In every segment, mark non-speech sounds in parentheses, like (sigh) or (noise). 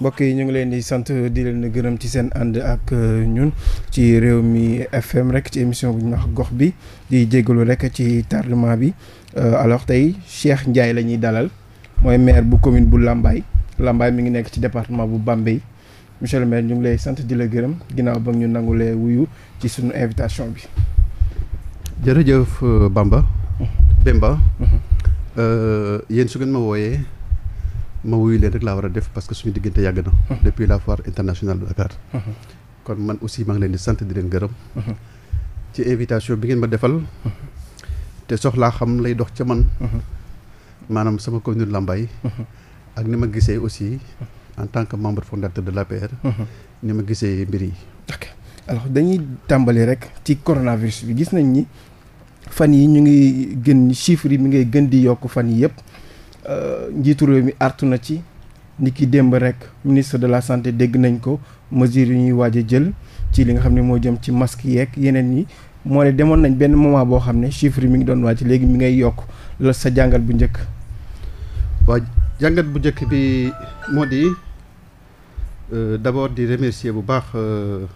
mbokk yi ñu ngi leen di sant di leen gërëm ci seen ànd ak euh, ñun ci réew mi FM rek ci émission bu ñu wax gox bi di jégalu rek ci tardement bi euh, alors tey Cheikh Ndiaye la ñuy dalal mooy maire bu commune bu Lambaye Lambaye mi ngi nekk ci département bu Bambey monsieur le maire ñu ngi lay sant di la gërëm ginnaaw ba ñu nangulee wuyu ci suñu invitation bi. jërëjëf euh, Bamba. Bemba. Mmh. Mmh. yéen su ngeen ma wooyee. ma wuyu leen rek laa war a def parce que suñu diggante yàgg na. Mhm. depuis la foire internationale de Dakar. Mhm. kon man aussi maa leen di sant di leen gërëm. Mhm. ci invitation bi ngeen ma defal. te soxlaa xam lay dox ca man. maanaam sama commune Lambaye. ak ni ma gisee aussi en tant que membre fondate de la l'APR. ni ma gisee mbir yi. alors dañuy tàmbali rek ci coronavirus bi gis nañ ni fan yi ñu ngi gën chiffres yi mi ngay gën di yokk fan yi yëpp. Euh, njiitu réew mi artu na ci ni ki démb rek ministre de la santé dégg nañ ko mesures yu ñuy waaj jël ci li nga xam ne moo jëm ci masque yeeg yeneen yi moo ne demoon nañ benn moment boo xam ne chiffre mi ngi doon wàcc léegi mi ngay yokk la sa jàngat bu njëkk. waaw jàngat bu njëkk bi moo di euh, d'abord di remercier bu baax euh,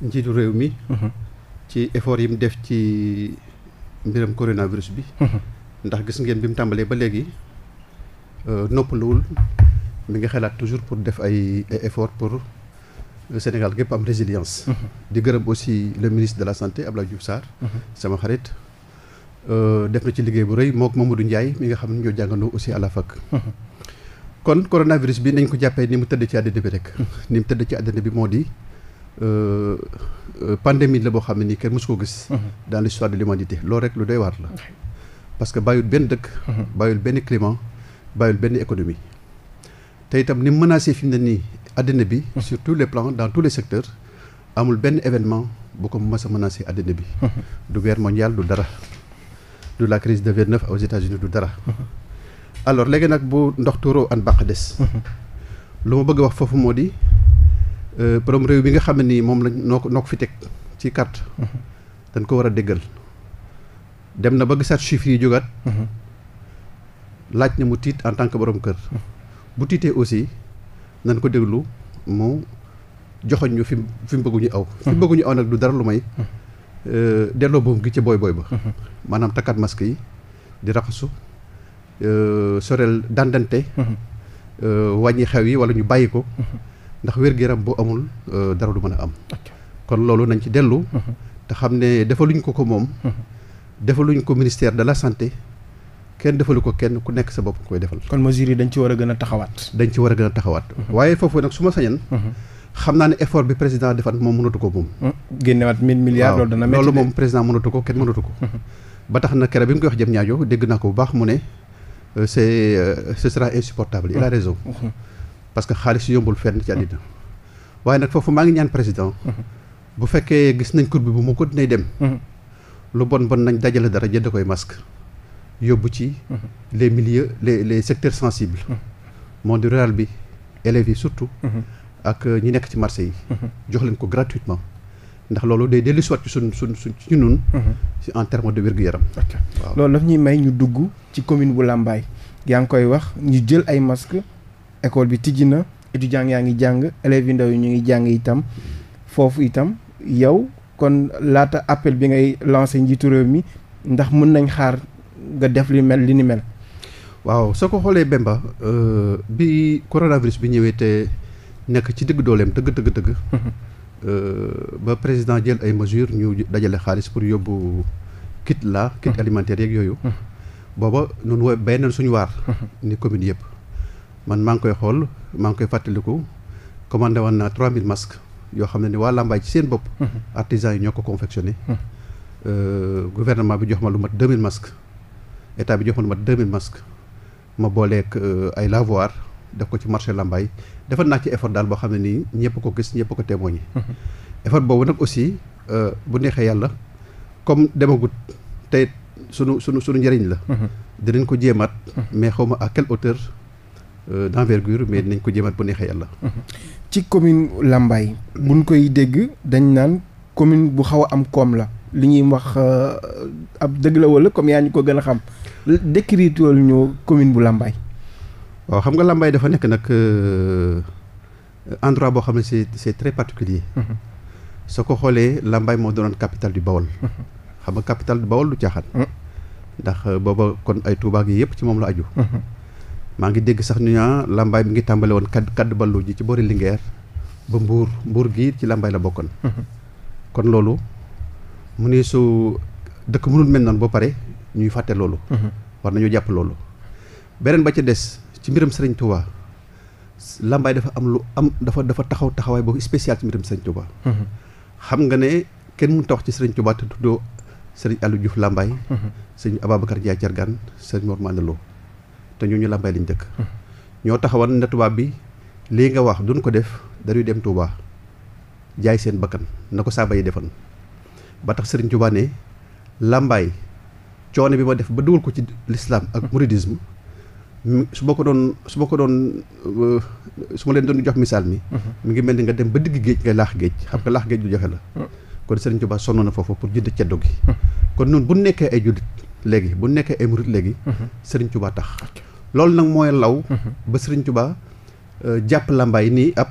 njiitu réew mi. Mhm. ci effort yi mu def ci mbiram coronavirus bi. Mhm. ndax gis ngeen bi mu tàmbalee ba léegi. Euh, noppaluwul mu ngi xalaat toujours pour def ay effort pour euh, Sénégal gépp am résilience mhm. di gërëm aussi le ministre de la santé Abdoulaye Diouf Sarr mhm. sama xarit euh, def na ci liggéey bu rëy mook Mamadou Ndiaye mi nga xam ne ñoo jàngandoo aussi à la fac mhm. kon coronavirus bi nañ ko jàppee ni mu tëdd ci àddina bi rek ni mu tëdd ci àddina bi moo di pandémie la boo xam ne nii kenn mosu ko gis dans l'histoire de l'humanité loolu rek lu doy waar la parce que bàyyul benn dëkk bàyyul benn climat bàyyul benn économie te itam ni mu menacé fi mu ne nii àddina bi. Mhm. sur tous les plans dans tous les secteurs amul benn événement bu ko mës a menacé àddina bi. Mhm. du guerre mondiale du dara du la crise de 29 aux États-Unis du dara. Mhm. alors léegi nag bu ndox tuuroo an bàq des. lu ma bëgg a wax foofu moo di euh, borom réew bi nga xam ne nii moom lañ noo ko noo fi teg ci carte. dañ ko war a déggal dem na ba gisaat chiffres yi jógaat. laaj na mu tiit en tant que borom kër bu tiitee aussi nañ ko déglu mu joxoñ ñu fi fi mu bëgg ñu aw fi mu bëgg ñu aw nag du dara lu may euh, delloo buum gi ci booy booy ba maanaam takkaat masque yi di raxasu euh, soreel dandante euh, wàññi xew yi wala ñu bàyyi ko ndax wér-gu-yaram bu amul dara lu mën a am kon loolu nañ ci dellu mhm. te xam ne defaluñ ko ko moom mhm. defaluñ ko ministère de la santé kenn defalu ko kenn ku nekk sa bopp nga koy defal. kon mesures yi dañ ci war a gën a taxawaat. dañ ci war a gën a taxawaat. Mhm. waaye foofu nag su ma sañan. Mhm. xam naa ne effort bi président defat moom mënatu ko moom. Mhm. génnewaat mille milliards loolu dana. métti loolu moom président mënatu ko kenn mënatu ko. ba tax na keroog bi mu koy wax jëm ñaajo dégg naa ko bu baax mu ne euh, c'est euh, ce insupportable il a raison. parce xaalis yombul fenn ci àddina. waaye nag foofu maa ngi yóbbu ci mhm. les milieux les les secteurs sensibles mhm. monde rural bi élèves yi surtout mhm. ak euh, ñi nekk ci marché yi jox leen ko gratuitement ndax loolu day dellu soit ci suñ suñ suñ ci ñun en terme de wér-gu-yaram waaw loolu daf ñuy may ñu dugg ci commune bu Lambaye yaa ngi koy wax ñu jël ay masque école bi tijji na étudiants yaa ngi jàng élèves yu ndaw yi ñu ngi jàng itam foofu itam yow kon laata appel bi ngay lancé njiitu réew mi ndax mën nañ xaar nga def li mel li ni mel. waaw soo ko xoolee Bemba euh, bi coronavirus bi ñëwee te nekk ci digg dooleem dëgg dëgg dëgg. (laughs) Euh, ba président jël ay mesures ñu dajale xaalis pour yóbbu kit la kit (laughs) alimentaire yeeg yooyu. (laughs) booba noonu wooy bay nañ suñu waar. ni commune yëpp. man maa ngi koy xool maa ngi koy fàttaliku commandé woon naa 3000 masques yoo xam ne ni waa Lambaye ci seen bopp. artisans yi ñoo ko confectionné. Euh, gouvernement bi jox ma lu mat 2000 masques. état bi joxoon ma 2000 masques ma booleeg euh, ay lavoir def ko ci marché Lambaye defal naa ci effort daal boo xam ne nii ñëpp ko gis ñëpp ko témoigné. Mm-hmm. effort boobu nag aussi euh, bu neexee yàlla comme demagut tey sunu sunu sunu njëriñ la. Mm-hmm. dinañ ko jéemaat. Mm-hmm. mais xaw ma ak quelle hauteur euh, d'envergure mais nañ ko jéemaat bu neexee yàlla. ci commune Lambaye buñ koy dégg dañ naan commune bu xaw am koom la. li ñuy wax euh, ab dëgg la wala comme yaa ñu ko gën a xam décrire ñu commune bu Lambaye. waaw xam nga Lambaye dafa nekk nag euh, endroit boo xam ne c'est c'est très particulier mhm. soo ko xoolee Lambaye moo doonoon capital du Bawol. Mhm. xam nga capitale du Bawol du caaxaan. Mhm. ndax euh, booba kon ay Touba gi yëpp ci moom la aju. maa ngi dégg sax ñu naan Lambaye mi ngi tàmbale woon kadd kadd ballu ji ci boori Linguère ba Mbour Mbour gii ci Lambaye la bokkoon. kon loolu mu ne su dëkk mënul mel noonu ba pare ñuy fàtte loolu. Mhm. war nañoo jàpp loolu. beneen ba ca des ci mbiram Serigne Touba Lambaye dafa am lu am dafa dafa taxaw taxawaay boobu spécial ci mbiram Serigne Touba. Mhm. xam nga ne kenn mu a ci Serigne Touba te tuddoo Serigne Aliou Diouf Lambaye. Mhm. Serigne Ababacar Ndiaye Diargane Serigne Mor te ñoo ñu ñooñu Lambaye dëkk. ñoo taxawal ne tubaab bi lii nga wax duñ ko def dañuy dem Touba jaay seen bakkan na ko saaba yi defan ba tax Serigne Touba ne làmbaay coono bi ma def ba dugal ko ci lislaam ak mouridisme su ma ko doon su ma ko doon euh, su ma leen doon jox misaal mi mu mhm. ngi mel ni nga dem ba digg géej ngay laax géej xam nga mhm. laax géej lu jafe la mhm. kon Serigne Touba sonn na foofu pour jënd ceddo gi kon noonu bu nekkee ay jullit léegi bu nekkee ay murit léegi Serigne Touba tax loolu nag mooy law ba Serigne Touba euh, jàpp làmbaay nii ab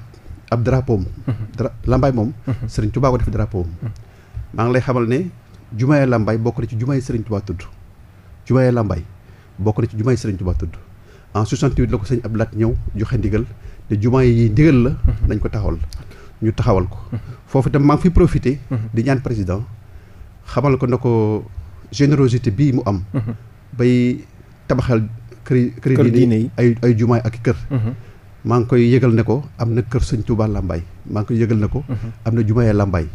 ab drapeau am dra làmbaay moom Serigne Touba ko def drapeau maa ngi lay xamal ne jumaay Lambaye bokk na ci jumaay Serigne Touba tudd jumaay Lambaye bokk na ci jumaay Serigne Touba tudd en 68 la ko sëñ Abdou Lahat ñëw joxe ndigal te jumaa yi ndigal la. Mhm. nañ ko taxawal ñu taxawal ko. foofu itam maa ngi fiy profité. Mhm. di ñaan président xamal ko na ko générosité bii mu am. Mhm. bay tabaxal kër kër diine yi ay ay jumaay ak kër. maa ngi koy yëgal ne ko am na kër sëñ Touba Lambaye maa ngi koy yëgal ne ko. na jumaay Lambaye.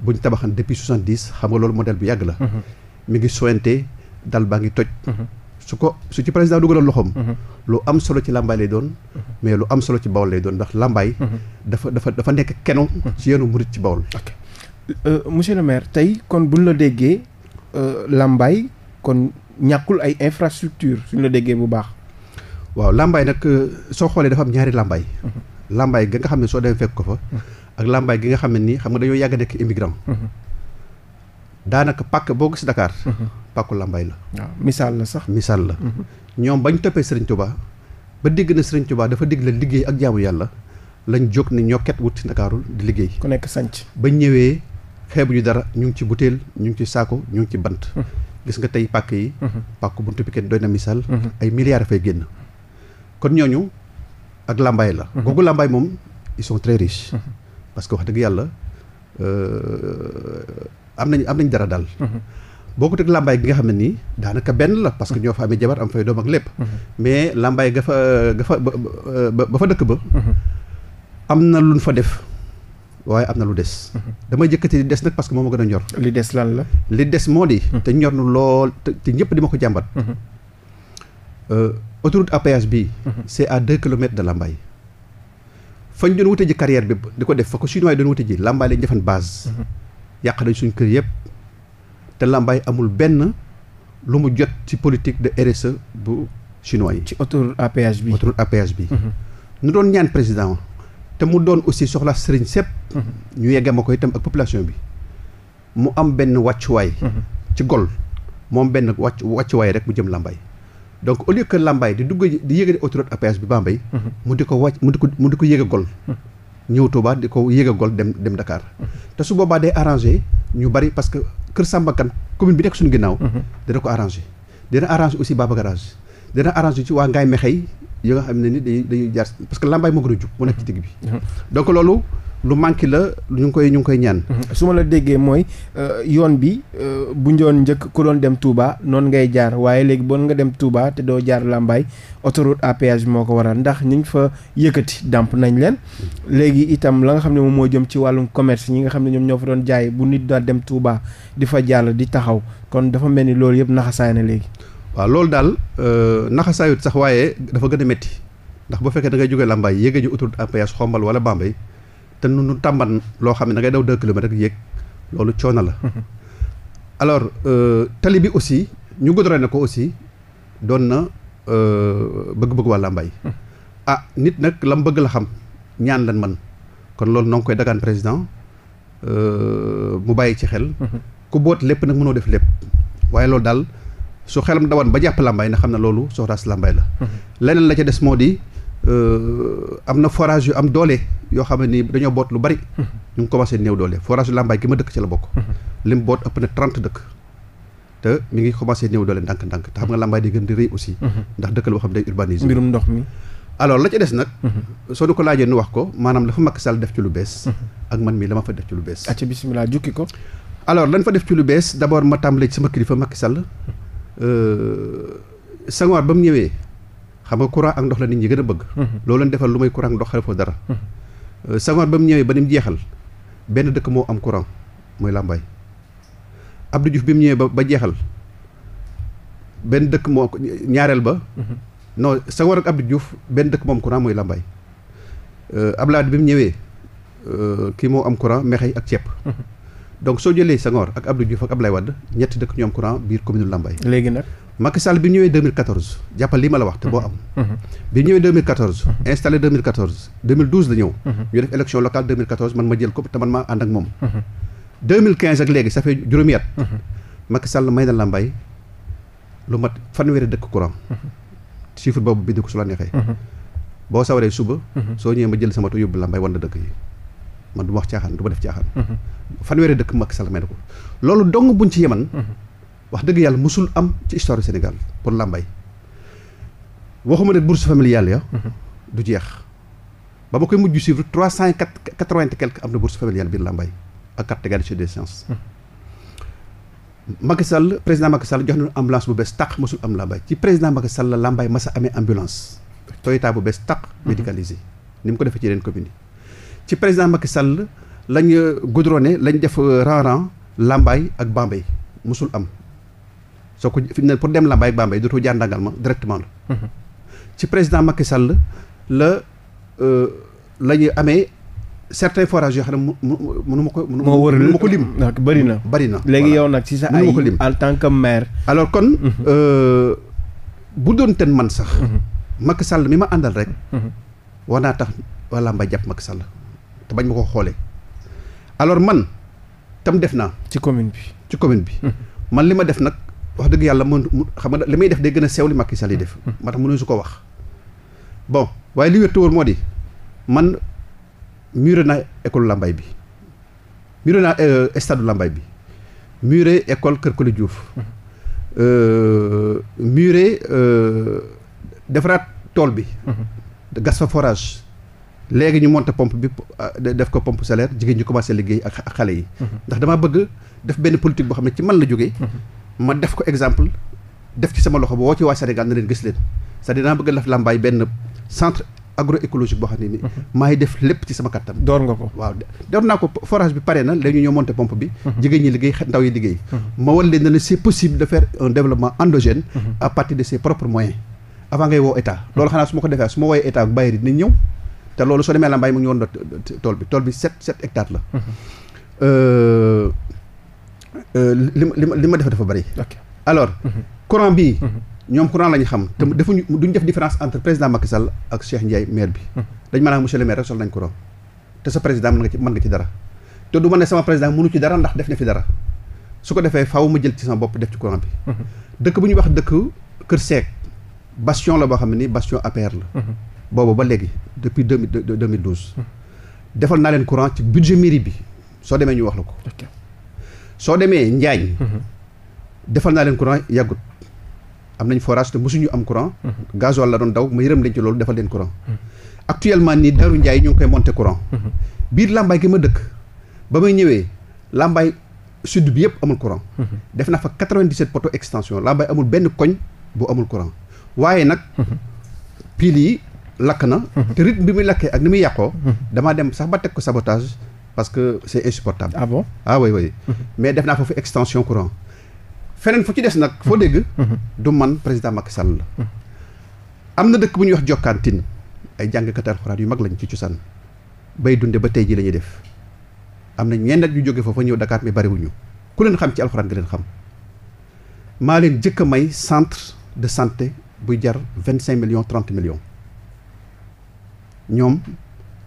bu ñu tabaxan depuis soixante dix xam nga loolu modèle bu yàgg la. Mhm. mi ngi soyante dal baa ngi toj. Mhm. su ko su ci président dugaloon loxoom. Mhm. lu am solo ci làmbaay lay doon. mais lu am solo ci bawol lay doon ndax làmbaay. dafa dafa dafa nekk keno. ci yéenu murit ci bawol. Euh, monsieur le maire tey kon buñ la déggee euh, làmbaay kon ñàkkul ay infrastructure suñ la déggee bu baax. waaw làmbaay nag euh, soo xoolee dafa am ñaari làmbaay. làmbaay ga nga xam ne soo demee fekk ko fa. ak làmbaay gi nga xam ne ni xam nga dañoo yàgg nekk immigrant mhm. daanaka pàkk boo gis Dakar mhm. pàkku làmbaay la waaw misaal la sax misaal la mhm. ñoom bañ toppee Serigne Touba ba dégg na Serigne Touba dafa digg la liggéey ak jaamu yàlla lañ jóg ni ñokket wut ci Ndakaarul di liggéey ku nekk sanc ba ñëwee xeebuñu dara ñu ngi ci butéel ñu ngi ci saako ñu ngi ci bant gis nga tey pàkk yi pàkk buntu piquet doy na misaal ay milliards fay génn kon ñooñu ak làmbaay la googu parce que wax dëgg yàlla euh, am nañ am nañ dara daal. Mhm. boo ko teg làmbaay gi nga xam ne nii daanaka benn la parce que ñoo fa amee jabar am fay doom ak lépp. Mhm. mais làmbaay gafa gafa ga ba fa dëkk ba. Mhm. am na luñ fa def. waaye am na lu des. damay jëkkati li des nag parce que moom a gën a ñor. li des lan la. li des moo di. te ñor na lool te ñëpp di ma ko jàmbat. Euh, autoroute à péage bi. c'est à deux kilomètres de Lambaye. fañ doon wute ji carrière bi di ko def fa ko chinois yi doon wute ji làmbaay lañ defan base mhm. yàq nañ suñ kër yëpp te làmbaay amul benn lu mu jot ci politique de RSE bu chinois yi ci autoroute à bi autoroute mhm. doon ñaan président te mu doon aussi soxla sëriñ sépp mhm. ñu yeggama ko itam ak population bi mu am benn wàccuwaay ci gol moom benn wàcc wàccuwaay rek mu jëm làmbaay donc au lieu que Lambaye di mu di ko wàcc mu di ko mu di ko yéeg a gol. ñëw Touba di ko yéeg a gol dem dem Dakar. te su boobaa day arrangé ñu bari parce que Kër Samba Kane commune bi nekk suñu ginnaaw. dina ko arrangé. dina arrangé aussi Baba Garage dina arrangé ci waa Ngaye Mexey yi nga xam ne ni dañuy jaar parce que Lambaye moo gën a jub mu nekk ci digg bi. Mhm. donc loolu. lu manqué la ñu ngi koy ñu ngi koy ñaan. Mhm. su ma la déggee mooy euh, yoon bi euh, bu njoon njëkk ku doon dem Touba noonu ngay jaar waaye léegi bon nga dem Touba te doo jaar Lambaye autoroute à péage moo ko waral ndax ñu ngi fa yëkkati dàmp nañ leen. léegi itam la nga xam ne moom moo jëm ci wàllum commerce ñi nga xam ne ñoom ñoo fa doon jaay bu nit daa dem Touba di fa jàll di taxaw kon dafa mel ni loolu yëpp naxasaay na léegi. waaw loolu daal euh, naxasaayut sax waaye dafa gën a ndax bu fekkee da ngay jógee Lambaye yéegee ji autoroute xombal wala Bambey. te nu nu tàmban loo xam ne da ngay daw deux kilomètres yéeg loolu coono la (laughs) alors euh, tali bi aussi ñu goudronné ko aussi doon na euh, bëgg-bëgg wàlla mbay a (laughs) ah, nit nag lam bëgg la xam ñaan lan man kon loolu noo koy dagaan président euh, mu bàyyi ci xel (laughs) ku boot lépp nag mënoo def lépp waaye loolu daal su xelam dawan ba jàpp làmbaay na xam ne loolu soxraas làmbaay la leneen la ca des moo di Euh, am na forage yu am doole yoo xam ne ni dañoo boot lu bari. ñu ngi commencé new doole forage Lambaye gi ma dëkk ci la bokk. lim boot ëpp na trente dëkk. te mi ngi commencé new doole ndànk-ndànk te xam nga Lambaye di gën di rëy aussi. ndax dëkk la boo xam ne day urbanisé. ndox mi. la ca des nag. Mhm. soo nu ko laajee ni wax ko maanaam la fa Macky Sall def ci lu bees. Mhm. ak man mii la ma fa def ci lu bees. acca bisimilah jukki ko. alors lan fa def ci lu bees d' abord ma tàmbalee ci sama kilifa Macky Sall. Euh, Senghor ba mu ñëwee. xam nga courant ak ndox la nit ñi gën a bëgg mhm. loolu leen defal lu may courant ak ndox xelfoo dara mhm. euh, Senghor ba mu ñëwee ba ni mu jeexal benn dëkk moo am courant mooy Lambaye Abdou bi mu ñëwee ba jeexal benn dëkk moo ba mhm. non Senghor ak benn dëkk moo am courant mooy Lambaye euh, Abdoulaye bi mu ñëwee euh, kii moo am courant Mekhe ak ceeb donc soo jëlee Senghor ak Abdou Diouf ak lay Wade ñett dëkk ñoom am courant biir commune Lambaye léegi nag Macky Sall bi mu ñëwee 2014 jàppal lii ma la wax te boo am. Mhm. Mhm. bi ñëwee 2014. Mhm. installé 2014 2012 la ñëw. ñu def élection locale 2014 man ma jël ko te man maa ànd ak moom. 2015 ak léegi ça juróomi at. Macky may na la lu mat fanweeri dëkk courant. chiffre boobu bind ko su la neexee. boo sawaree suba. soo ñëwee ma jël sama to yóbbu la mbay la dëkk yi. man du wax caaxaan du def caaxaan. fanweeri wax dëgg yàlla mosul am ci histoire Sénégal pour làmbay waxuma ne bourse familiale ya mhm. du jeex ba ma koy mujj suivre trois cent quatre-vingt quelque am na bourse familiale biir làmbay ak carte d'égalité des chances mhm. Macky Sall président Macky Sall jox nañu ambulance bu bees tàq mosul am làmbay ci président Macky Sall la làmbay masa amee ambulance Toyota bu bees tàq mhm. médicalisé ni mu ko defee ci leen ko yi ci président Macky Sall lañ goudronné lañ def euh, ra làmbay ak Bambey mosul am soo ko fi ne pour dem Lambaye ak Bambey dootoo jaar Ndangalma directement la. Mhm. ci président Macky Sall la euh, la ñu amee certains forages yoo xam ne mu mënu ma ko. moo wër mënu ma ko lim. bari na bari na léegi yow nag ci sa ay en tant que maire. alors kon. Mhm. Euh, bu doon ten man sax. Mhm. Macky Sall mi ma àndal rek. war naa tax waa Lambaye jàpp Macky Sall te bañ ma ko xoolee. alors man tam def naa. ci commune bi ci commune bi. man li ma def nag. wax dëgg yàlla mën xam nga li may def day gën a sew li Macky Sall yi def. Hmm. moo tax mënuñu su ko wax. bon waaye li wér te moo di man muré naa école Lambaye bi muré naa euh, stade Lambaye bi muré école Kër Koli Diouf. Hmm. Euh, muré euh, defaraat tool bi. Hmm. gas fa forage. léegi ñu monta pompe bi def ko pompe salaire jigéen ñu commencé liggéey ak xale yi. ndax damaa bëgg def benn politique boo xam ne ci man la jóge ma def ko exemple def ci sama loxo ba woo ci waa Sénégal na leen gis leen cest dinaa bëgg a làmbaay benn centre agroécologique boo xam nii. Mhm. maa def lépp ci sama kattan. door nga ko waaw door naa ko forage bi pare na léegi ñoo monter pompe bi. Mhm. jigéen ñi liggéey ndaw yi liggéey. Mhm. ma wan leen ne c'est possible de faire un développement endogène. à partir de ses propres moyens. avant ngay woo état. loolu xanaa su ma ko defee su ma wooyee état ak bàyyi dinañ Euh, li ma li ma li ma def dafa bari. alors mhm. courant bii. Mhm. ñoom courant la ñu xam. te mhm. defuñu duñ def différence entre président Macky Sall ak Cheikh Ndiaye maire bi. dañ maanaam monsieur le maire rek sol nañ courant. te sa président mën nga ci dara. te du ma ne sama président mënu ci dara ndax def na fi dara. su ko defee faaw jël ci sama bopp def ci courant bi. dëkk bu ñuy wax dëkk Kër Seck. bastion la boo xam ne nii bastion APR la. boobu ba léegi depuis deux mille de mille douze. defal naa leen bi soo demee ñu soo demee Njaañ. Mhm. defal naa leen courant yàggut am nañ forage te mosuñu am courant. Mhm. gasoil la doon daw ma yërëm leen ci loolu defal leen courant. Mhm. actuellement ni daru njaay ñu ngi koy monter courant. biir Lambaye gi ma dëkk ba may ñëwee Lambaye sud bi yëpp amul courant. def naa fa 97 poteaux extension Lambaye amul benn koñ bu amul courant waaye nag. pile yi lakk na. te rythme bi muy lakkee ak ni muy yàqoo. damaa dem sax ba teg ko sabotage. parce que c'est insupportable. ah bon ah (laughs) mais def naa foofu extension courant. feneen fu ci des nag. foo dégg. (laughs) du man président mack Sall la. (laughs) am na dëkk bu ñuy wax Jokkantin ay jàngkat alxuraan yu mag lañ ci cosaan bay dunde ba tey ji lañuy def am na ñenn nag ñu jóge foofu ñëw Dakar mi bariwuñu ku leen xam ci alxuraan nga leen xam maa leen jëkk a may centre de santé buy jar vingt cinq millions trente millions ñoom.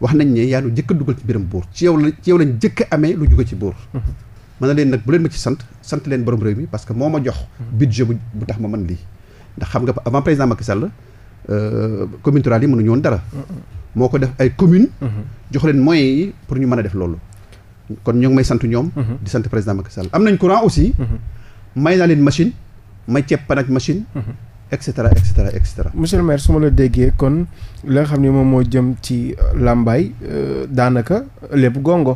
wax nañ ne yaa nu jëkk dugal ci biram buur ci yow lañ jëkk a amee lu jóge ci buur mën mm-hmm. na leen nag bu leen ma ci sant sant leen borom réew mi parce que moo ma jox mm-hmm. budget bu bu tax ma mën lii ndax xam nga avant président Macky Sall euh, commune rurale yi mënuñu woon dara mm-hmm. moo ko def ay commune jox leen moyens yi pour ñu mën a def loolu kon ñoo ngi may sant ñoom di sant président Macky Sall am nañ courant aussi may naa leen machine may ceeb pan ak machine et cetera et cetera et cetera. monsieur le maire su ma la déggee kon la nga xam ne moom moo jëm ci euh, làmbaay euh, daanaka lépp gongo.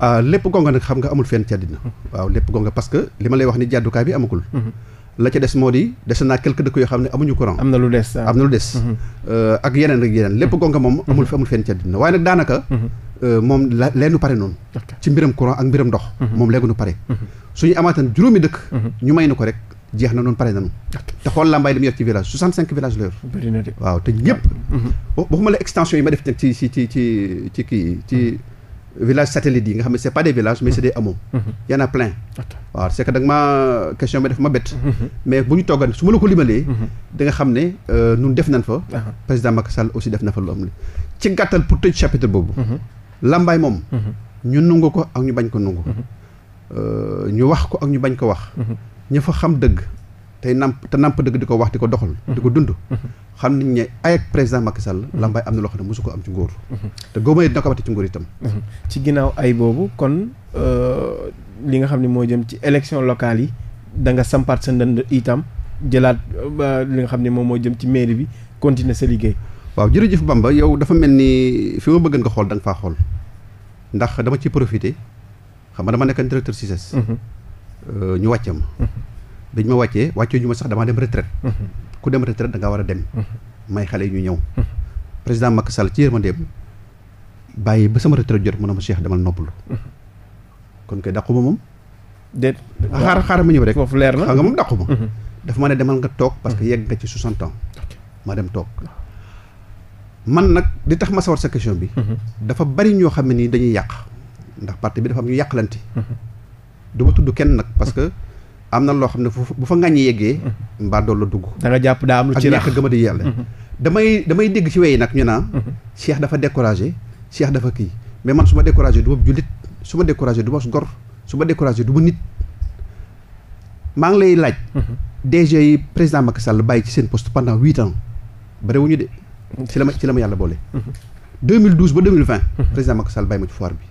Ah, lépp gongo nag xam nga amul fenn ci mm-hmm. waaw lépp gongo parce que li ma lay wax ni jàddukaay bi amagul. Mm-hmm. la ca des moo di des naa quelques dëkk yoo xam ne amuñu courant. am na lu des ah. am na lu des. Mm-hmm. Euh, ak yeneen ak yeneen. lépp gonga moom. amul amul fenn ci àddina waaye nag daanaka. moom la leenu pare noonu. ci mbiram courant ak mbiram ndox. moom léegi nu pare. suñu ñu may na ko jeex na noonu pare nañu te xool Lambaye li mu yor ci village 65 villages la yor. bëri na de waaw te ñëpp. Mhm. la extension yi ma def ci ci ci ci ci ci. Mhm. village satellite yi nga xam ne c'est pas des villages mais c'est des hameaux mhm. y a da nga ma question bi daf ma bett mais bu ñu toogan su ma la ko limalee da nga xam ne euh, ñun def nañ fa président Macky aussi def na fa lu am li ci gàttal pour tëj chapitre boobu Lambaye moom ñu nungu ko ak ñu bañ ko nungu euh, ñu wax ko ak ñu bañ ko wax ña fa xam dëgg te namp te namp dëgg di ko wax di ko doxal. di ko dund. xam nañ ne ay ak président Macky Sall. Mhm. Lambaye am na loo xam ne mosu ko am ci nguur. Mhm. te góob yi dina ko amati ci nguur itam. Mhm. ci ginnaaw ay boobu kon euh, li nga xam ne moo jëm ci élection locale yi da nga sampaat sa ndënd itam jëlaat li nga xam ne moom moo jëm ci mairie bi continuer sa liggéey. waaw jërëjëf Bamba yow dafa mel ni fi ma bëgg nga xool da faa xool ndax dama ciy profité xam nga dama nekk directeur CICES. Euh, ñu wàcce ma mm-hmm. dañ ma wàccee wàccee ñu ma sax damaa dem retraite mm-hmm. ku dem retraite da war a dem mm-hmm. may xale yi ñu ñëw président Macky Sall ci yërmandeem bàyyi ba sama retraite jot mu ne ma Cheikh demal noppalu kon kay dàqu ba moom déet xaar ah, xaar ma ñëw rek foofu leer na xam nga moom dàqu ma dafa ma ne demal nga toog parce que yegg nga ci soixante ans ma dem toog man nag di tax ma sawar sa question bi dafa bari ñoo xam ne nii dañuy yàq ndax parti bi dafa am ñu yàqlante du ma tudd kenn nag parce que am na loo xam ne bu fa ŋàññi yeggee mbaa dool la dugg da jàpp daa am lu ci rax ak gëm a di yàlla mhm. damay damay dégg ci wey nag ñu naan mhm. cheikh dafa découragé cheikh dafa kii mais man su ma découragé du ma jullit su ma découragé du ma gor suma ma découragé du ma nit maa ngi lay laaj mhm. DG yi président Macky Sall bàyyi ci seen poste pendant huit ans barewuñu de ci la ma ci la ma yàlla boole 2012 ba 2020 président Macky Sall bàyyi ma ci foir bi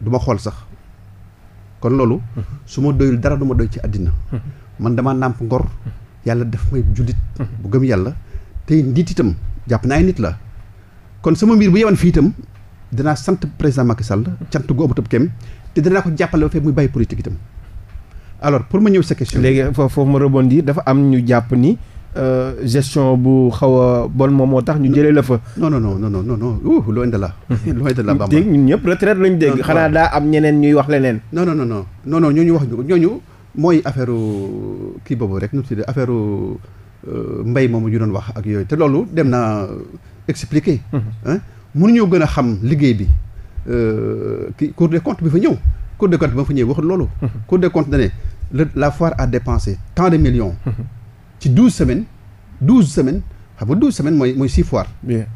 du ma xool sax kon loolu su ma doyul dara du ma doy ci àddina man dama nàmp ngor yàlla daf may jullit bu gëm yàlla tey nit itam jàpp naa ay nit la kon sama mbir bu yewan fii itam danaa sant président Macky Sall cant gu amatab kem te dinaa ko jàppale ba fekk muy bàyyi politique itam alors pour ma ñëw sa question. léegi foofu ma rebondir dafa am ñu jàpp ni. Euh, gestion bu xaw a bon moom moo tax ñu jëlee la fa. non non non non non la ouh loin de là. (laughs) loin de là xanaa daa am ñuy wax leneen. non non non non non non ñooñu wax ñooñu mooy affaire kii boobu rek nu mu affaire euh, mbay moomu ñu doon wax ak yooyu te loolu dem naa euh, expliquer. Mhm. mënuñoo gën a xam liggéey bi kii Cour des bi fa ñëw. Cour des comptes bi fa ñëw waxul loolu. Mhm. Cour des comptes da ne la foire a dépensé tant de millions. Mhm. ci douze semaines douze semaines xam nga douze semaines mooy mooy six foires. bien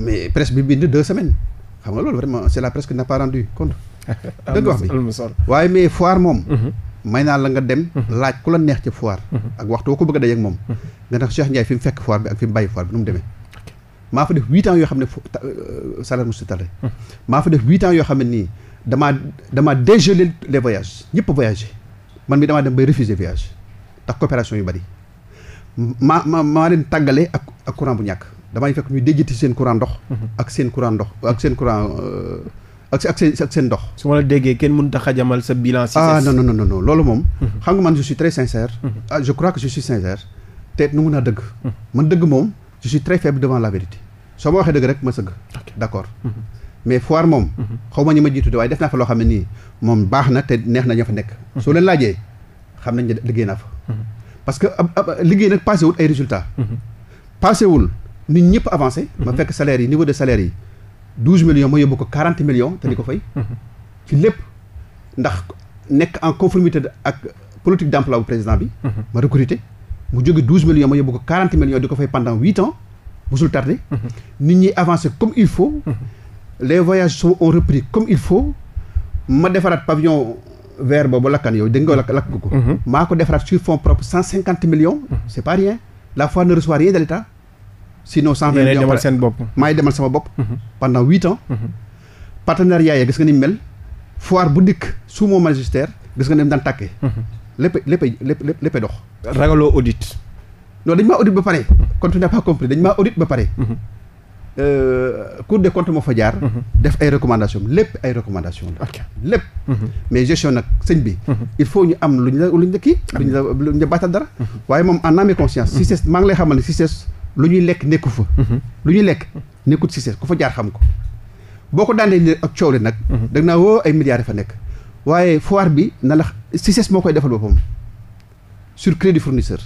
mais presse bi bind deux semaines xam nga loolu vraiment c'est la presse qui n'a pas rendu compte. (laughs) dëgg wax bi waaye mais foire moom. Mhm. may naa la nga dem. Mhm. laaj ku la neex ci foire. Mhm. ak waxtu ko bëgg a dajeeg moom. nga tax Cheikh Ndiaye fi mu fekk foire bi ak fi bàyyi foire bi nu mu demee. maa fa def huit ans yoo xam ne fo euh, salaire musu tale maa fa def huit ans yoo xam ne nii damaa damaa dégelé les voyages ñëpp man mi damaa dem bay refuser voyage ndax coopération yu bari. maa ma maa leen tàggale ak ak courant bu ñàkk damay fekk ñuy déjjati seen courant ndox mhm. ak seen courant ndox ak seen courant euh, ak ak seen ak seen ndox su ma la déggee kenn mënut a xajamal sa bilan si ah non non non non loolu moom mhm. xam nga man je suis très sincère mhm. ah je crois que je suis sincère te nu mun a dëgg man dëgg moom je suis très faible devant la vérité soo ma waxee dëgg rek ma sëgg d'accord mais foire moom xaw ma ñu ma jiitu de waaye def naa fa loo xam ne nii moom baax na te neex na ñoo fa nekk soo leen laajee xam nañ ne liggéey naa fa parce que ab ab liggéey nag passé wul ay résultats. Mhm. passé nit ñëpp avancé. Mhm. ma fekk salaire yi niveau de salaire yi douze millions ma yóbbu ko quarante millions. te di ko fay. Mhm. ci lépp ndax nekk en conformité ak politique d' emploi bu président bi. ma recruter mu jóge douze millions ma yóbbu ko quarante millions di ko fay pendant huit ans musul tardé. nit ñi avancé comme il faut. les voyages sont ont repris comme il faut ma defaraat pavillon. verre boobu lakkan yow dégg nga lakk lakk ko. Mhm. maa ko defaraat sur fonds propres cent cinquante millions. Mhm. c' est pas rien la fois ne reçoit rien de l' millions demal demal sama bopp. Mhm. pendant huit ans. partenariat gis nga ni mel. foire bu dikk sous mon gis nga ni daan tàkkee. lépp lépp lépp lépp dox. ragaloo audit. non dañ maa audit ba pare. compris dañ maa audit ba pare. Euh, cour des comptes moo fa jaar. Mhm. def ay recommandation lépp ay recommandation lépp. Mhm. mais gestion nag sëñ bi. Mhm. il faut ñu am lu ñu la lu ñu la kii. lu ñu la dara. waaye moom en âme conscience. CICES maa ngi lay xamal ne CICES lu ñuy lekk nekku fa. lu ñuy lekk nekkut CICES ku fa jaar xam ko. boo ko daanee ak coow li nag. dag naa woo oh, ay milliards yi fa nekk. waaye foire bi na la CICES moo koy defal boppam sur crédit fournisseur.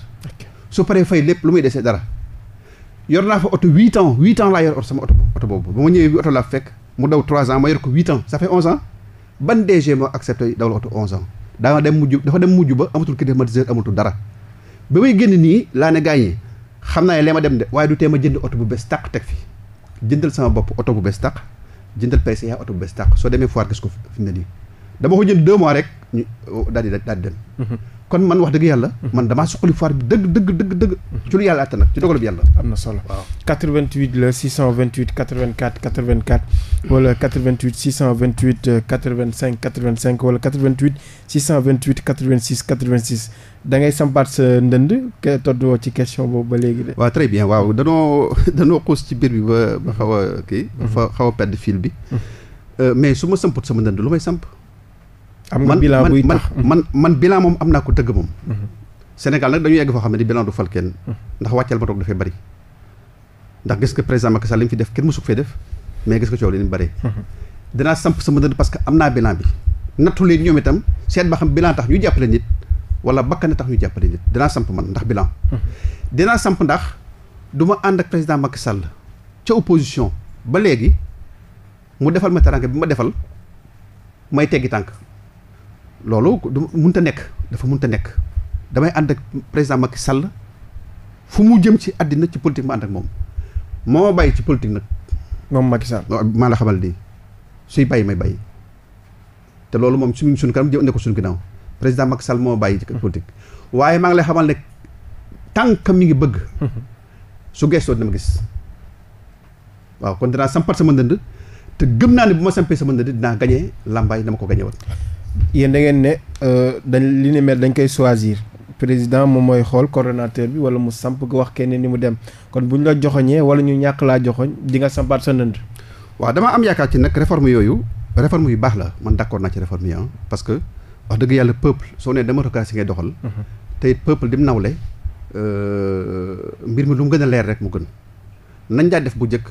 su paree fay lépp lu muy desee dara. yor naa fa oto huit ans huit ans laa yor oto sama oto oto boobu ba ma ñëwee bi oto laa fekk mu daw trois ans ma yor ko huit ans ça fait onze ans ban DG moo accepté dawal oto onze ans daa dem mujj dafa dem mujj ba amatul climatiseur amatul dara ba may génn nii laa ne gaañee xam naa ne lee ma dem de waaye du tee ma jënd oto bu bees tàq teg fi jëndal sama bopp oto bu bees tàq jëndal PCA oto bu bees tàq soo demee foire gis ko fi mu ne nii dama ko jënd deux mois rek ñu di daal di dem mhm. kon man wax dëgg yàlla. Mhm. man damaa suqali foire bi dëgg dëgg dëgg dëgg. ci lu yàlla attan nag ci dogalu bi yàlla. am na solo waaw 88 la 628 84 84 wala 88 628 85 85 wala 88 628 86 86 da ngay sampaat sa ndënd ke toddoo ci question boobu ba léegi de. waaw très bien waaw danoo (laughs) danoo xuus ci biir bi ba ba xaw a kii. dafa mhm. xaw a perdre fil bi. Mhm. Euh, mais su ma samput sama ndënd lu may samp. am nga bilan man man man bilan moom am naa ko dëgg moom. Mhm. Sénégal nag dañuy yegg foo xam ne bilan du fal kenn. Mhm. ndax wàcceel ba toog dafay bari. ndax gis nga président Macky Sall li mu fi def kenn mësu ko fee def mais gis nga coow li mu bëree. Mhm. danaa samp sama dënd parce que am naa bilan bi. nattu leen ñoom itam seet ba xam bilan tax ñu jàppale nit wala bakkan tax ñu jàppale nit dinaa samp man ndax bilan. dinaa samp ndax du ma ànd ak président Macky Sall ca opposition ba léegi mu defal ma teraanga bi ma defal may teggi tànk. loolu mënta nekk dafa mënta nekk damay ànd ak président Macky Sall fu mu jëm ci àddina ci politique ma ànd ak moom moo ma bàyyi ci politique nag. moom Macky Sall. maa la xamal nii suy bàyyi may bàyyi te loolu moom suñu suñu kanam jëm ne ko suñu ginnaaw président Macky Sall moo ma bàyyi ci hmm. politique. waaye maa ngi lay xamal ne tànk mi ngi bëgg. Hmm. su geestoo dina ma gis. waaw kon dinaa sampat sama ndënd te gëm naa ne bu ma sampee sama ndënd dinaa gañee làmbaay dama ko gañee wat yéen da ngeen ne euh, dañ li ni mel dañ koy choisir président moom mooy xool coordonnateur bi wala mu samp ko wax kenn ni mu dem kon bu ñu la joxoñee wala ñu ñàkk laa joxoñ di nga sampaat sa nënd. waaw dama am yaakaar ci nag réforme yooyu réforme yu baax la man d'accord naa ci réforme yi ah. parce que wax dëgg yàlla peuple soo nee démocratie ngay doxal. Mhm. te it peuple di mu nawle euh, mbir mi lu mu gën a leer rek mu gën nañ daa def bu njëkk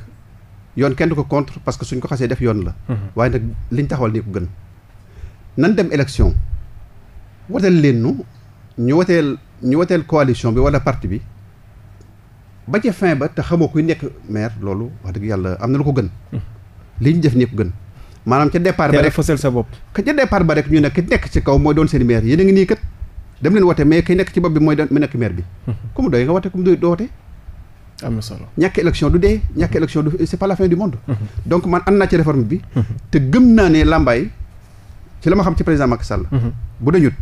yoon kenn du ko contre parce que suñ ko xasee def yoon la. Mhm. waaye nag liñ nan dem élection woteel leen nu ñu woteel ñu woteel coalition bi wala parti bi ba ca fin ba te xamoo kuy nekk maire loolu wax dëgg yàlla am na lu ko gën. Hmm. li ñu def ñëpp gën. maanaam ca départ ba rek fësal sa bopp. ca départ ba ñu ne ki nekk ci kaw mooy doon seen maire yéen a nii kat dem leen wote mais ki nekk ci bopp bi mooy doon mu nekk maire bi. Hmm. ku doy nga wote ku doy doo wote. am na solo ñàkk élection du dee ñàkk élection du c'est pas la fin du monde. Hmm. donc man ànd naa ci réforme bi. te gëm naa ne làmbaay. ci la ma xam ci président Macky Sall. Mhm. bu dañut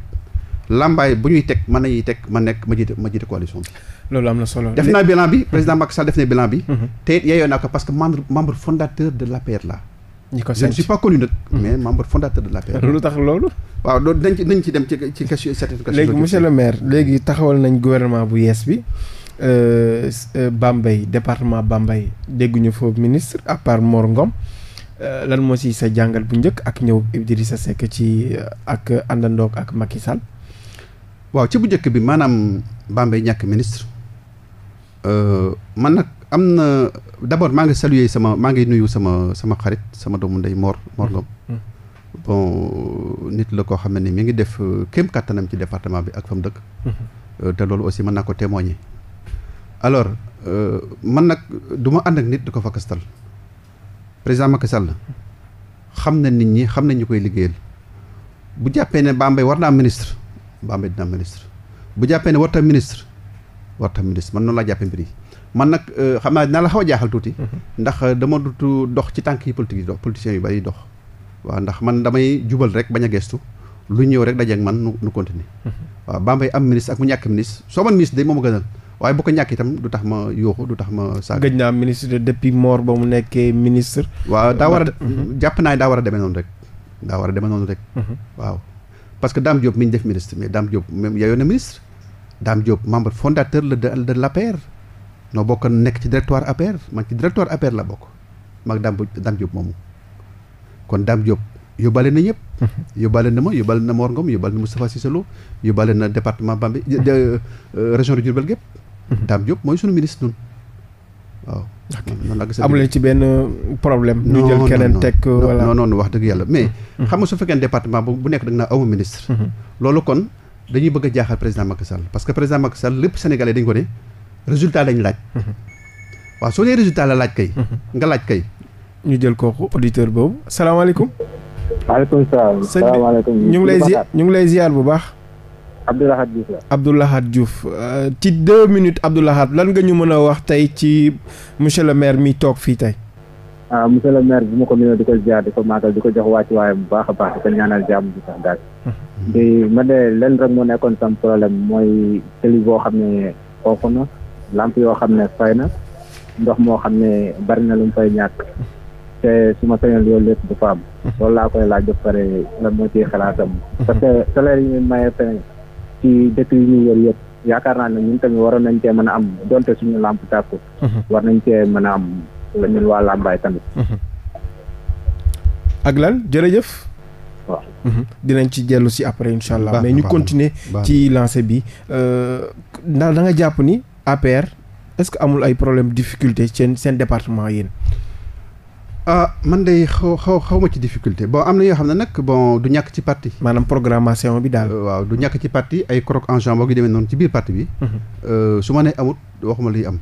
làmbaay bu ñuy teg man nañuy teg ma nekk ma jiite ma jiite coalition bi. loolu am na solo def naa bilan bi mhm. président Macky def na bilan bi. Mhm. te it naa ko parce que membre membre fondateur de l'APR la. ñi ko je ne mais membre fondateur de l'APR. lu tax loolu. waaw dañ ci dañ ci dem ci ci question certaine question. léegi monsieur le maire léegi taxawal nañ gouvernement bu yees bi. Euh, euh, Bambey département Bambey dégguñu foofu ministre à part Ngom. Euh, lan moo si sa jàngal bu njëkk ak ñëw Idrissa sekk ci euh, ak àndandoog ak Macky Sall waaw ci bu njëkk bi maanaam Bambey ñàkk ministre euh, man nag am na d'abord maa ngi saluer sama maa ngi nuyu sama sama xarit sama doomu ndey moor Mor mm-hmm. Mm-hmm. nit la koo xam ne ni mi ngi def kéem kattanam ci département bi ak fa mu dëkk mm-hmm. te loolu aussi man naa ko témoigner alors man nag du ma ànd ak nit di ko fakkastal président Macky la xam na nit ñi xam nañ ñu koy liggéeyal bu jàppee ne Bambey war naa ministre Bambey dina ministre bu jàppee ne warta ministre warta ministre man noonu laa jàppee mbir yi man nag euh, xam naa dinaa la xaw a jaaxal tuuti. Mm-hmm. ndax euh, dama du dox ci tànk yi politique yi dox politiciens yu bari dox. waaw ndax man damay jubal rek bañ a gestu lu ñëw rek dajeeg man nu nu continuer. Mm-hmm. waaw Bambey am ministre ak mu ñàkk ministre soo man ministre day a waaye bu ko ñàkk itam du tax ma yuuxu du tax ma saaga gëj naa ministre depuis mort ba mu nekkee ministre waaw daa war a mhm. jàpp naa daa war a demee noonu rek daa war a demee noonu rek mhm. waaw parce que Dame Diop mi ñu def ministre mais Dame Diop même yaayoon na ministre Dame Diop membre fondateur la de de l'APR noo bokk nekk ci directoire APR man ci directoire APR la bokk maag Dame Dame Diop moomu kon Dame Diop yóbbaale na ñëpp. Mhm. yóbbaale na ma yóbbaale na Mor Ngom yóbbaale na Moustapha Cissé Lo yóbbaale na département Bambey euh, région de Diourbel gépp Mhm. Dame Diop mooy suñu ministre ñun waaw. amu leen ci benn problème. ñu jël keneen teg voilà non non wax dëgg yàlla mais. Mhm. xam su fekkee département bu nekk da nga naan amu ministre. Mhm. loolu kon dañuy bëgg a jaaxal président Macky Sall parce que président Macky lépp sénégalais dañu ko ne résultat lañ laaj. waaw soo nee résultat la laaj kay. nga laaj kay. ñu jël kooku auditeur boobu salaamaaleykum. maaleykum salaam. salaamaaleykum ñu ngi lay ziar ñu ngi lay ziar bu baax. Abdou Lahad Diouf la. Abdou Lahad Diouf euh, ci deux minutes Abdou Lahad lan nga ñu mën a wax tey ci monsieur le maire mi toog fii tey. ah le maire bi ma ko nuyoo di ko jaar di ko maagal di ko jox wàcc waayam bu baax a baax di ko ñaanal jàmm bi sax daal. Mhm. ma ne leen rek moo nekkoon sam problème mooy tëli boo xam ne xooxu na lamp yoo xam ne fay na ndox moo xam ne bari na lu mu fay ñàkk. te su ma sañoon loolu lépp du am. Mhm. loolu laa koy laa ba pare lan moo ciy xalaatam. Mhm. parce que yi maye ci dëkk yi ñu wër yëpp yaakaar naa ne ñun tamit waroon nañ cee mën a am donte suñu làmp tàkku mhm. war nañ cee mën a am la ñun waa làmbaay tamit mhm. ak lan jërëjëf waaw mhm. dinañ ci jellu si après incha allah mais ñu continuer ci lancé bi euh, ndax da nga jàpp ni APR est-ce que amul ay problème difficulté seen seen département yéen ah man day xaw xaw xaw ma ci difficulté boo am na yoo xam ne nag bon du ñàkk ci parti. maanaam programmation bi daal. Euh, waaw du ñàkk ci parti ay croque en jambe gi demee noonu ci biir parti bi. Mhm. Euh, su ma nee amut waxuma liy am.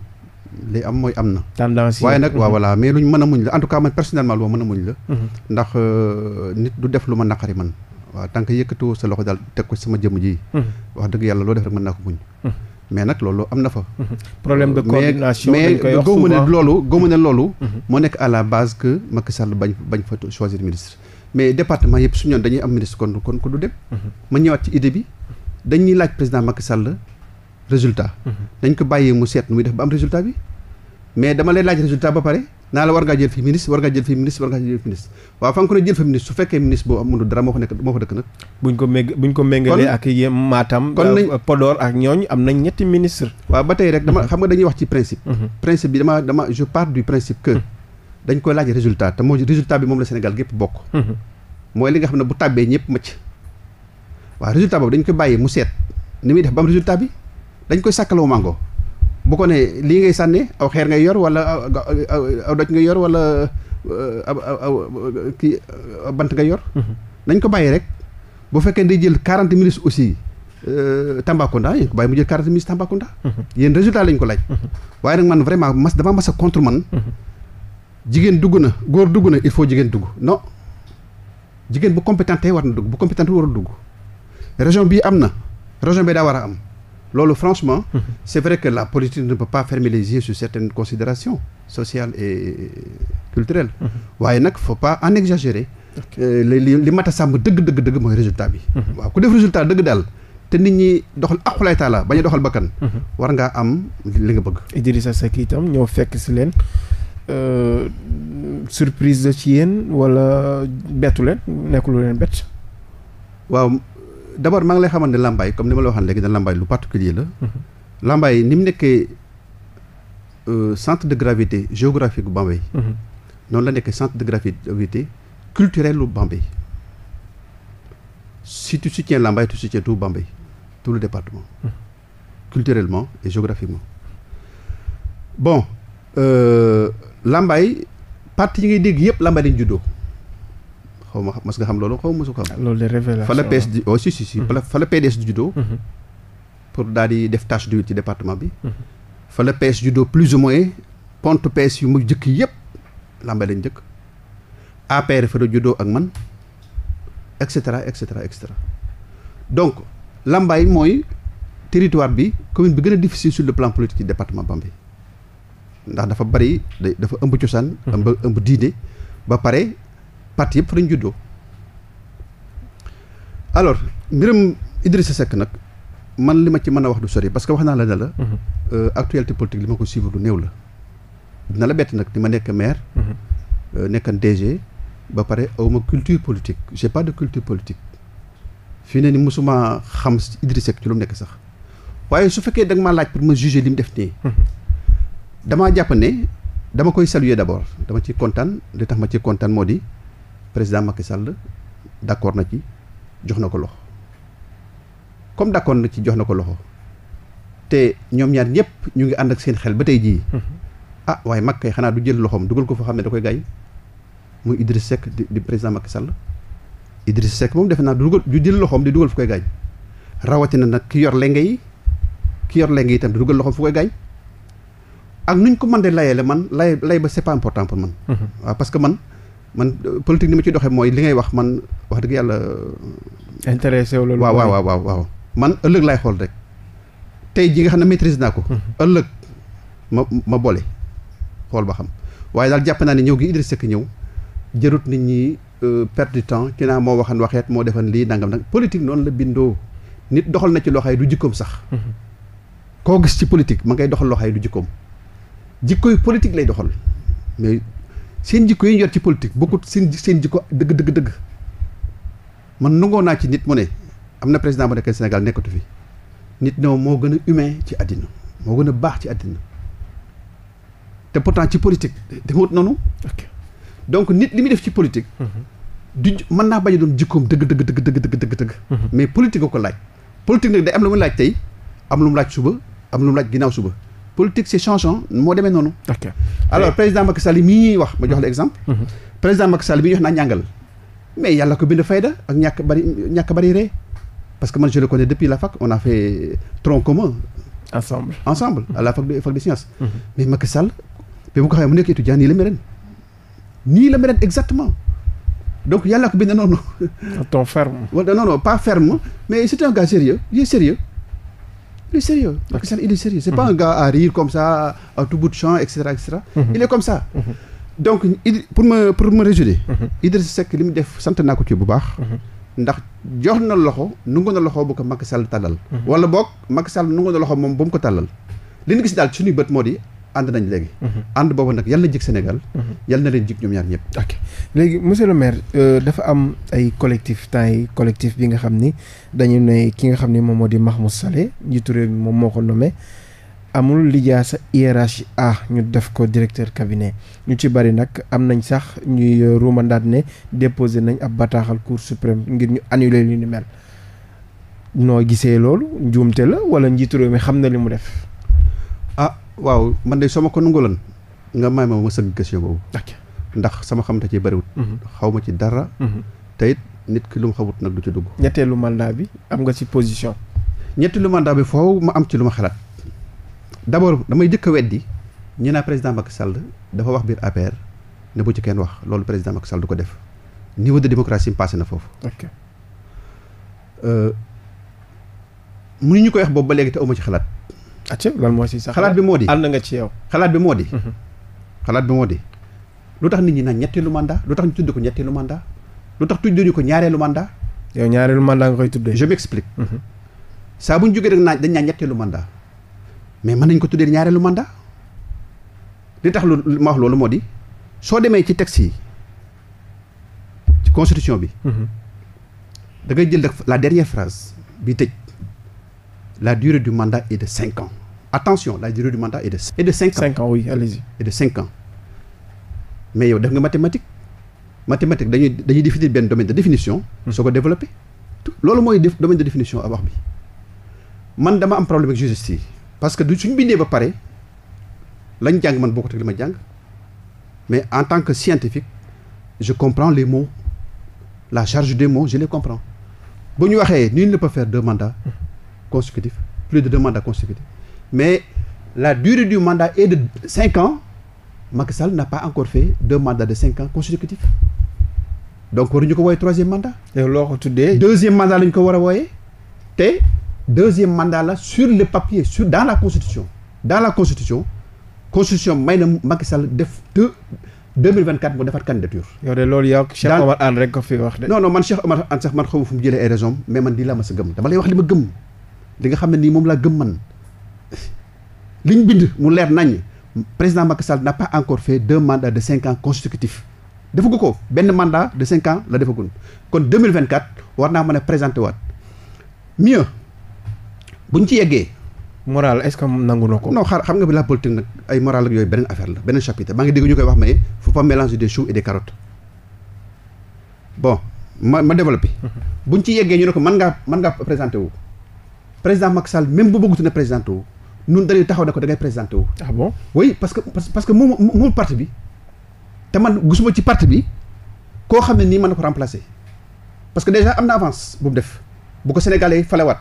li am mooy am na. tendance waaye nag waaw voilà mais luñ mën a muñ la en tout cas man personnellement lu ma a muñ la. Mhm. ndax euh, nit du def lu ma naqari man. waaw tant que yëkkatoo sa loxo daal teg ko sama jëmm ji. Mhm. wax dëgg yàlla loo def rek mën naa ko muñ. mais nag loolu am na fa. problème de euh, coordination mais gëmu ne loolu gëmu ne loolu. Mhm. moo nekk à la base que Macky Sall bañ fa choisir ministre. mais département yëpp su ñoon dañuy am ministre kon kon ko du dem. Mhm. ma ñëwaat ci idée bi dañuy laaj président Macky Sall résultat. Mhm. dañ ko bàyyi mu seet nu muy def ba am résultat bi mais dama lay laaj résultat ba pare. naa la war ngaa jël fi ministre war ngaa jël fi ministre war ngaa jël fi ministre waaw fa nga ko ne jël fa ministre su fekkee ministre boobu amul dara moo fa nekk moo fa dëkk nag buñ ko mégg buñ ko méngalee ak y Matam kon euh, nañ Podor ak ñooñ am nañ ñetti ministre waaw ba tey rek dama mm-hmm. xam nga mm-hmm. mm-hmm. moom la Sénégal gépp bokk mooy li nga xam ne bu tàbbee ñëpp mëcc waaw résultat boobu dañ koy bàyyi mu seet ni muy def ba am bi dañ koy sàkkalawu màngoo bu ko nee lii ngay sànni aw xeer ngay yor wala aw doj ngay yor wala uh, aw kii bant ngay yor mm-hmm. nañ ko bàyyi rek bu fekkee day jël quarante minutes aussi euh, Tambacounda yéen ko bàyyi mu jël quarante minutes Tambacounda mm-hmm. yéen résultat lañ ko laaj mm-hmm. waaye nag man vraiment mas dama mas a contre man jigéen dugg na góor dugg na il faut jigéen dugg non jigéen bu compétente war na dugg bu compétente warul dugg région bii am na région bi daa war a am loolu franchement c'est vrai que la politique ne peut pas fermer les yeux sur certaines considérations sociales et culturelles waaye nag faut pas en exagérer euh, li li mat sàmm dëgg dëgg dëgg mooy résultat bi mhm. waaw ku def résultat dëgg daal te nit ñi doxal aqulay taala bañ a doxal bakkan mhm. war ngaa am li nga bëgg Idrissa Seck itam ñëw fekk si leen euh, surprise la ci yéen wala bettu leen nekk leen bett waaw d' abord maa ngi lay xamal ne làmbaay comme ni ma la waxoon léegi ne làmbaay lu particulier la. Mhm. làmbaay ni mu nekkee euh, centre de gravité géographique bu Bambey. Mhm. noonu la nekkee centre de gravité culturel bu Bambey. si tu soutiens Lambaye tu soutiens le département. Mmh. culturellement et géographiquement. bon euh, Lambaye parti yi ngay dégg yëpp Lambaye dañu juddoo. xaw ma mas nga xam loolu xaw ma su ko xam. loolu de di oh si si si. Mhm. fa la PDS mhm. pour daal di def tâche d'huile ci département bi. Mhm. fa la PS plus ou moins ponte PS yu mu jëkk yëpp làmba lañ jëkk. APR fa la ak man et cetera et cetera et cetera donc Lambaye mooy territoire bi commune bi gën a difficile sur le plan politique ci département Bambey ndax dafa bari dafa ëmb cosaan. ëmb ëmb diine ba pare parti yëpp fa lañ juddoo alors mbiram Idrissa Seck nag man li ma ci mën a wax du sori parce que wax naa la ne la. Mhm. Euh, actualité politique li ma ko suivre lu néew la. dina la bett nag li ma nekk maire. Mhm. Euh, nekkan DG. ba pare awma culture politique j'ai pas de culture politique fii ne ni mosuma xam Idrissa Seck ci lu mu nekk sax waaye su fekkee da ma maa laaj pour ma juger li mu def nii. Mhm. damaa jàpp ne dama koy saluer d'abord dama ciy kontaan li tax ma ciy kontaan moo président Macky Sall d' accord na ci jox na ko loxo comme d' accord na ci jox na ko loxo te ñoom ñaar ñëpp ñu ngi ànd ak seen xel ba tey jii. Mhm. ah waaye mag kay xanaa du jël loxoom dugal ko foo xam ne da koy gaañ muy Idriss Seck di président Macky Sall Idriss Seck moom defe naa du dugal du jël loxoom di dugal fu koy gaañ rawatina nag ki yor lenge yi ki yor lenge yi itam di dugal loxoom fu koy gaañ ak nuñ ko mën de layee man lay lay ba c'est pas important pour man politique ni ma ci doxee mooy li ngay wax man wax dëgg yàlla. Euh, intéressé wu loolu. waaw waaw waaw waaw man ëllëg lay xool rek tey ji nga xam ne maitrise naa ko. Mhm. ëllëg ma ma boole xool ba xam waaye daal jàpp naa ne ñëw gi Idriss Seck ñëw jërut nit ñi euh, perte du temps ki naa moo waxan waxeet moo defan lii nangam nag politique noonu la bindoo nit doxal na ci loxo yi du jikkoom sax. Mhm. koo gis ci politique ma ngay doxal loxo yi du jikkoom jikkoy politique lay doxal seen jikko yi ñu ci politique bokkut seen seen jikko dëgg dëgg dëgg man nangoo naa ci nit mu ne am na président bu nekkee Sénégal nekkatu fi nit ñoom moo gën a humain ci àddina moo gën a baax ci àddina te pourtant ci politique demut noonu. donc nit li muy def ci politique. Mhm. du mën naa bañ doon jikkoom dëgg dëgg dëgg dëgg dëgg dëgg. Mhm. mais politique ko laaj. politique nag day am la mu laaj tey am lu mu laaj suba am lu mu laaj ginnaaw suba. politique c'est changeant moo demee noonu. alors président Macky Sall mii wax ma jox la exemple. Mhm. président Macky Sall bi ñu wax naa ñàngal. mais yàlla ko bind fayda ak ñàkk bari ñàkk bari ree parce que man je le connais depuis la fac on a fait tronc commun. ensemble ensemble à la fac de fac de sciences. Mhm. mais Macky Sall bi mu ko xamee mu nekk étudiant nii noonu. pas ferme mais c'est un sérieux il sérieux plus sérieux Macky Sall il est sérieux c'est pas un mhm. gars à rire comme ça à tout bout de champ etc etc mhm. il est comme ça mhm. donc pour me pour me résumer Idrissa Seck li mu def sant naa ko ci bu baax ndax jox na loxo nungu na loxo bu ko Macky Sall tàllal wala boog Macky Sall nungu na loxo moom bu mu ko tàllal li ñu gis daal suñuy bët moo di ànd nañ léegi. Mhm. ànd boobu nag yal na jig Sénégal. Mhm. yal na leen jig ñoom ñaar ñëpp. ok léegi monsieur le maire euh, dafa am ay collectif temps yi collectif bi nga xam ni dañu ne ki nga xam ni moom moo di Mahmoud Saleh njiitu réew mi moom moo ko nommé amul sa lijaasa IRHA ñu def ko directeur cabinet ñu ci bari nag am nañ sax ñuy ruumandaat ne déposé nañ ab bataaxal cour suprême ngir ñu annuler li ni mel. noo gisee loolu njuumte la wala njiitu réew mi xam na li mu def. waaw man de soo ma ko nungaloon nga may ma ma sëgg question boobu. ndax sama xam te ci bëriwut. Mhm. xaw ma ci dara. Mhm. te it nit ki lu mu xamut nag du ci dugg. ñetteelu mandat bi am nga ci position. ñetteelu mandat bi foofu ma am ci lu ma xalaat d' abord damay jëkk a weddi ñu naa président Macky Sall dafa wax biir APR ne bu ci kenn wax loolu président Macky Sall du ko def niveau de démocratie passé na foofu. ok euh, ñu ko wax boobu ba léegi te amu ci xalaat. acca lan moo si sax xalaat bi moo di ànd nga ci yow. xalaat bi moo di. Mhm. xalaat bi moo di lu tax nit ñi naan ñetteelu mandat lu tax ñu tudd ko ñetteelu mandat lu tax tudduñu ko ñaareelu mandat. yow ñaareelu mandat nga koy tuddee. je m'explique. Mhm. saa bu ñu jógee rek naan dañ naan ñetteelu mandat mais mën nañ ko tuddee ñaareelu mandat li tax lu ma wax loolu moo di soo demee ci texte yi ci constitution bi. Mhm. da ngay jël la dernière phrase bi tëj. la durée du mandat est de cinq ans. attention la durée du mandat est de. est de cinq ans cinq ans oui mais yow def nga mathématique mathématique dañuy dañuy définir benn domaine de définition. Hmm. soo ko développé. loolu mooy domaine de définition ab wax bi man dama am problème ak justice yi parce que du suñ bindee ba pare lañ jàng man bokkut ak li ma jàng mais en tant que scientifique je comprends les mots la charge des mots je les comprends bu ñu waxee nul ne peut faire consécutifs, plus de deux mandats consécutifs. Mais la durée du mandat est de cinq ans. Macky Sall n'a pas encore fait deux mandats de cinq ans consécutifs. donc waruñu ko wooyee troisième mandat. te loo ko tuddee. deuxième mandat lañ ko war a wooyee te deuxième mandat la sur le papier sur dans la constitution. dans la constitution constitution may na Macky def mu defaat candidature. yow de loolu yow Cheikh Omar Anne rek ko fi wax de. non man Cheikh Omar Anne sax man xaw fu mu jëlee ay raison mais man di laa ma sa gëm dama li nga xam ne nii moom laa gëm man liñ bind mu leer nañ président Macky Sall n'a pas encore fait deux mandats de cinq ans consécutifs defagu ko benn mandat de cinq ans la defagul kon 2024 war naa mën a présenter waat bu buñ ci yeggee. moral est-ce que nangu na ko. non xaar xam nga bi la politique nag ay moral ak yooyu beneen affaire la beneen chapitre maa ngi dégg ñu koy wax mais faut pas de des choux et des carottes bon ma ma développé. (laughs) buñ ci yeggee ñu ne ko mën ngaa mën ngaa présenter wu. président Macky Sall même bu bëggutu ne présidente wu dañuy taxaw ne ko da ngay présidente wu. ah bon oui parce que parce que moom moom parti bi te man gisuma ci parti bi koo xam ne nii man na ko remplacer parce que déjà am na avance bu mu def bu ko sénégalais yi falewaat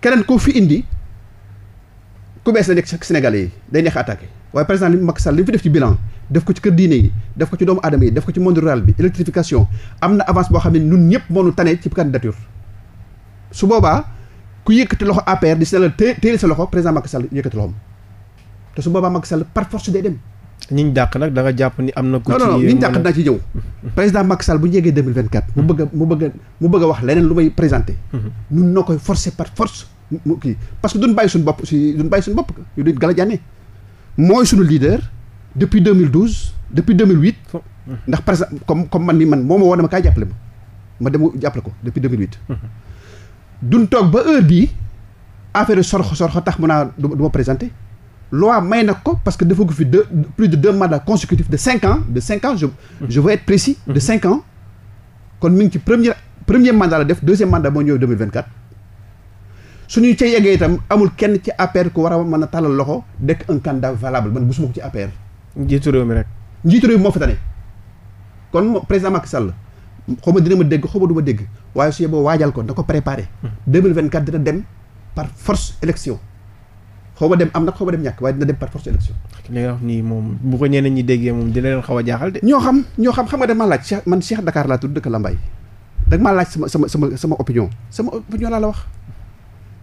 keneen koo fi indi ku bees la nekk sénégalais yi day neex attaqué waaye président li Macky Sall li mu fi def ci bilan def ko ci kër diine yi def ko ci doomu aadama yi def ko ci monde rural bi électrification am na avance boo xam ne ñun ñëpp moo nu tane ci candidature su boobaa. ku yëkkati loxo APR di sellal té téeli sa loxo président Macky Sall yëkkati loxoom te su boobaa Macky par force day dem. ñi dàq nag da nga jàpp ni am na. ku ci non non ñi ñu dàq naa ci ñëw. président Macky a mu bëgg a mu bëgg a wax leneen lu may présenté. Mhm. ñun noo koy forcer par force. mu kii parce que duñ bàyyi suñu bopp si duñ bàyyi suñu bopp yu duñ gala mooy suñu leader depuis depuis mhm. moo ma woo dama kaay duñ toog ba heure bii affaire sorx sorxo tax mu naa du ma présenté loi may na ko parce que dafa ko fi deux plus de deux mandats consécutifs de cinq ans de cinq ans je je veux être précis de mhm. cinq ans kon mi ngi ci premier premier mandat la def deuxième mandat moo ñëw 2024 suñu ca yeggee itam amul kenn ci APR ku war a mën a tàllal loxo dekk un candidat valable man gisuma ko ci APR njiitu réew mi rek njiito réew moo fi tane kon président Macky Sall xaw ma dina ma dégg xaw ma du ma dégg waaye su yeboo waajal ko na ko préparé. 2024 hmm. dina dem par force élection xaw ma dem am nag xaw ma ñàkk waaye dina dem par force élection. li nga wax nii moom bu ko xaw a jaaxal ñoo xam ñoo xam xam nga dama laaj Cheikh man Cheikh Dakar laa tudd dëkk Lambaye da nga maa laaj sama sama sama sama opinion sama opinion laa la wax.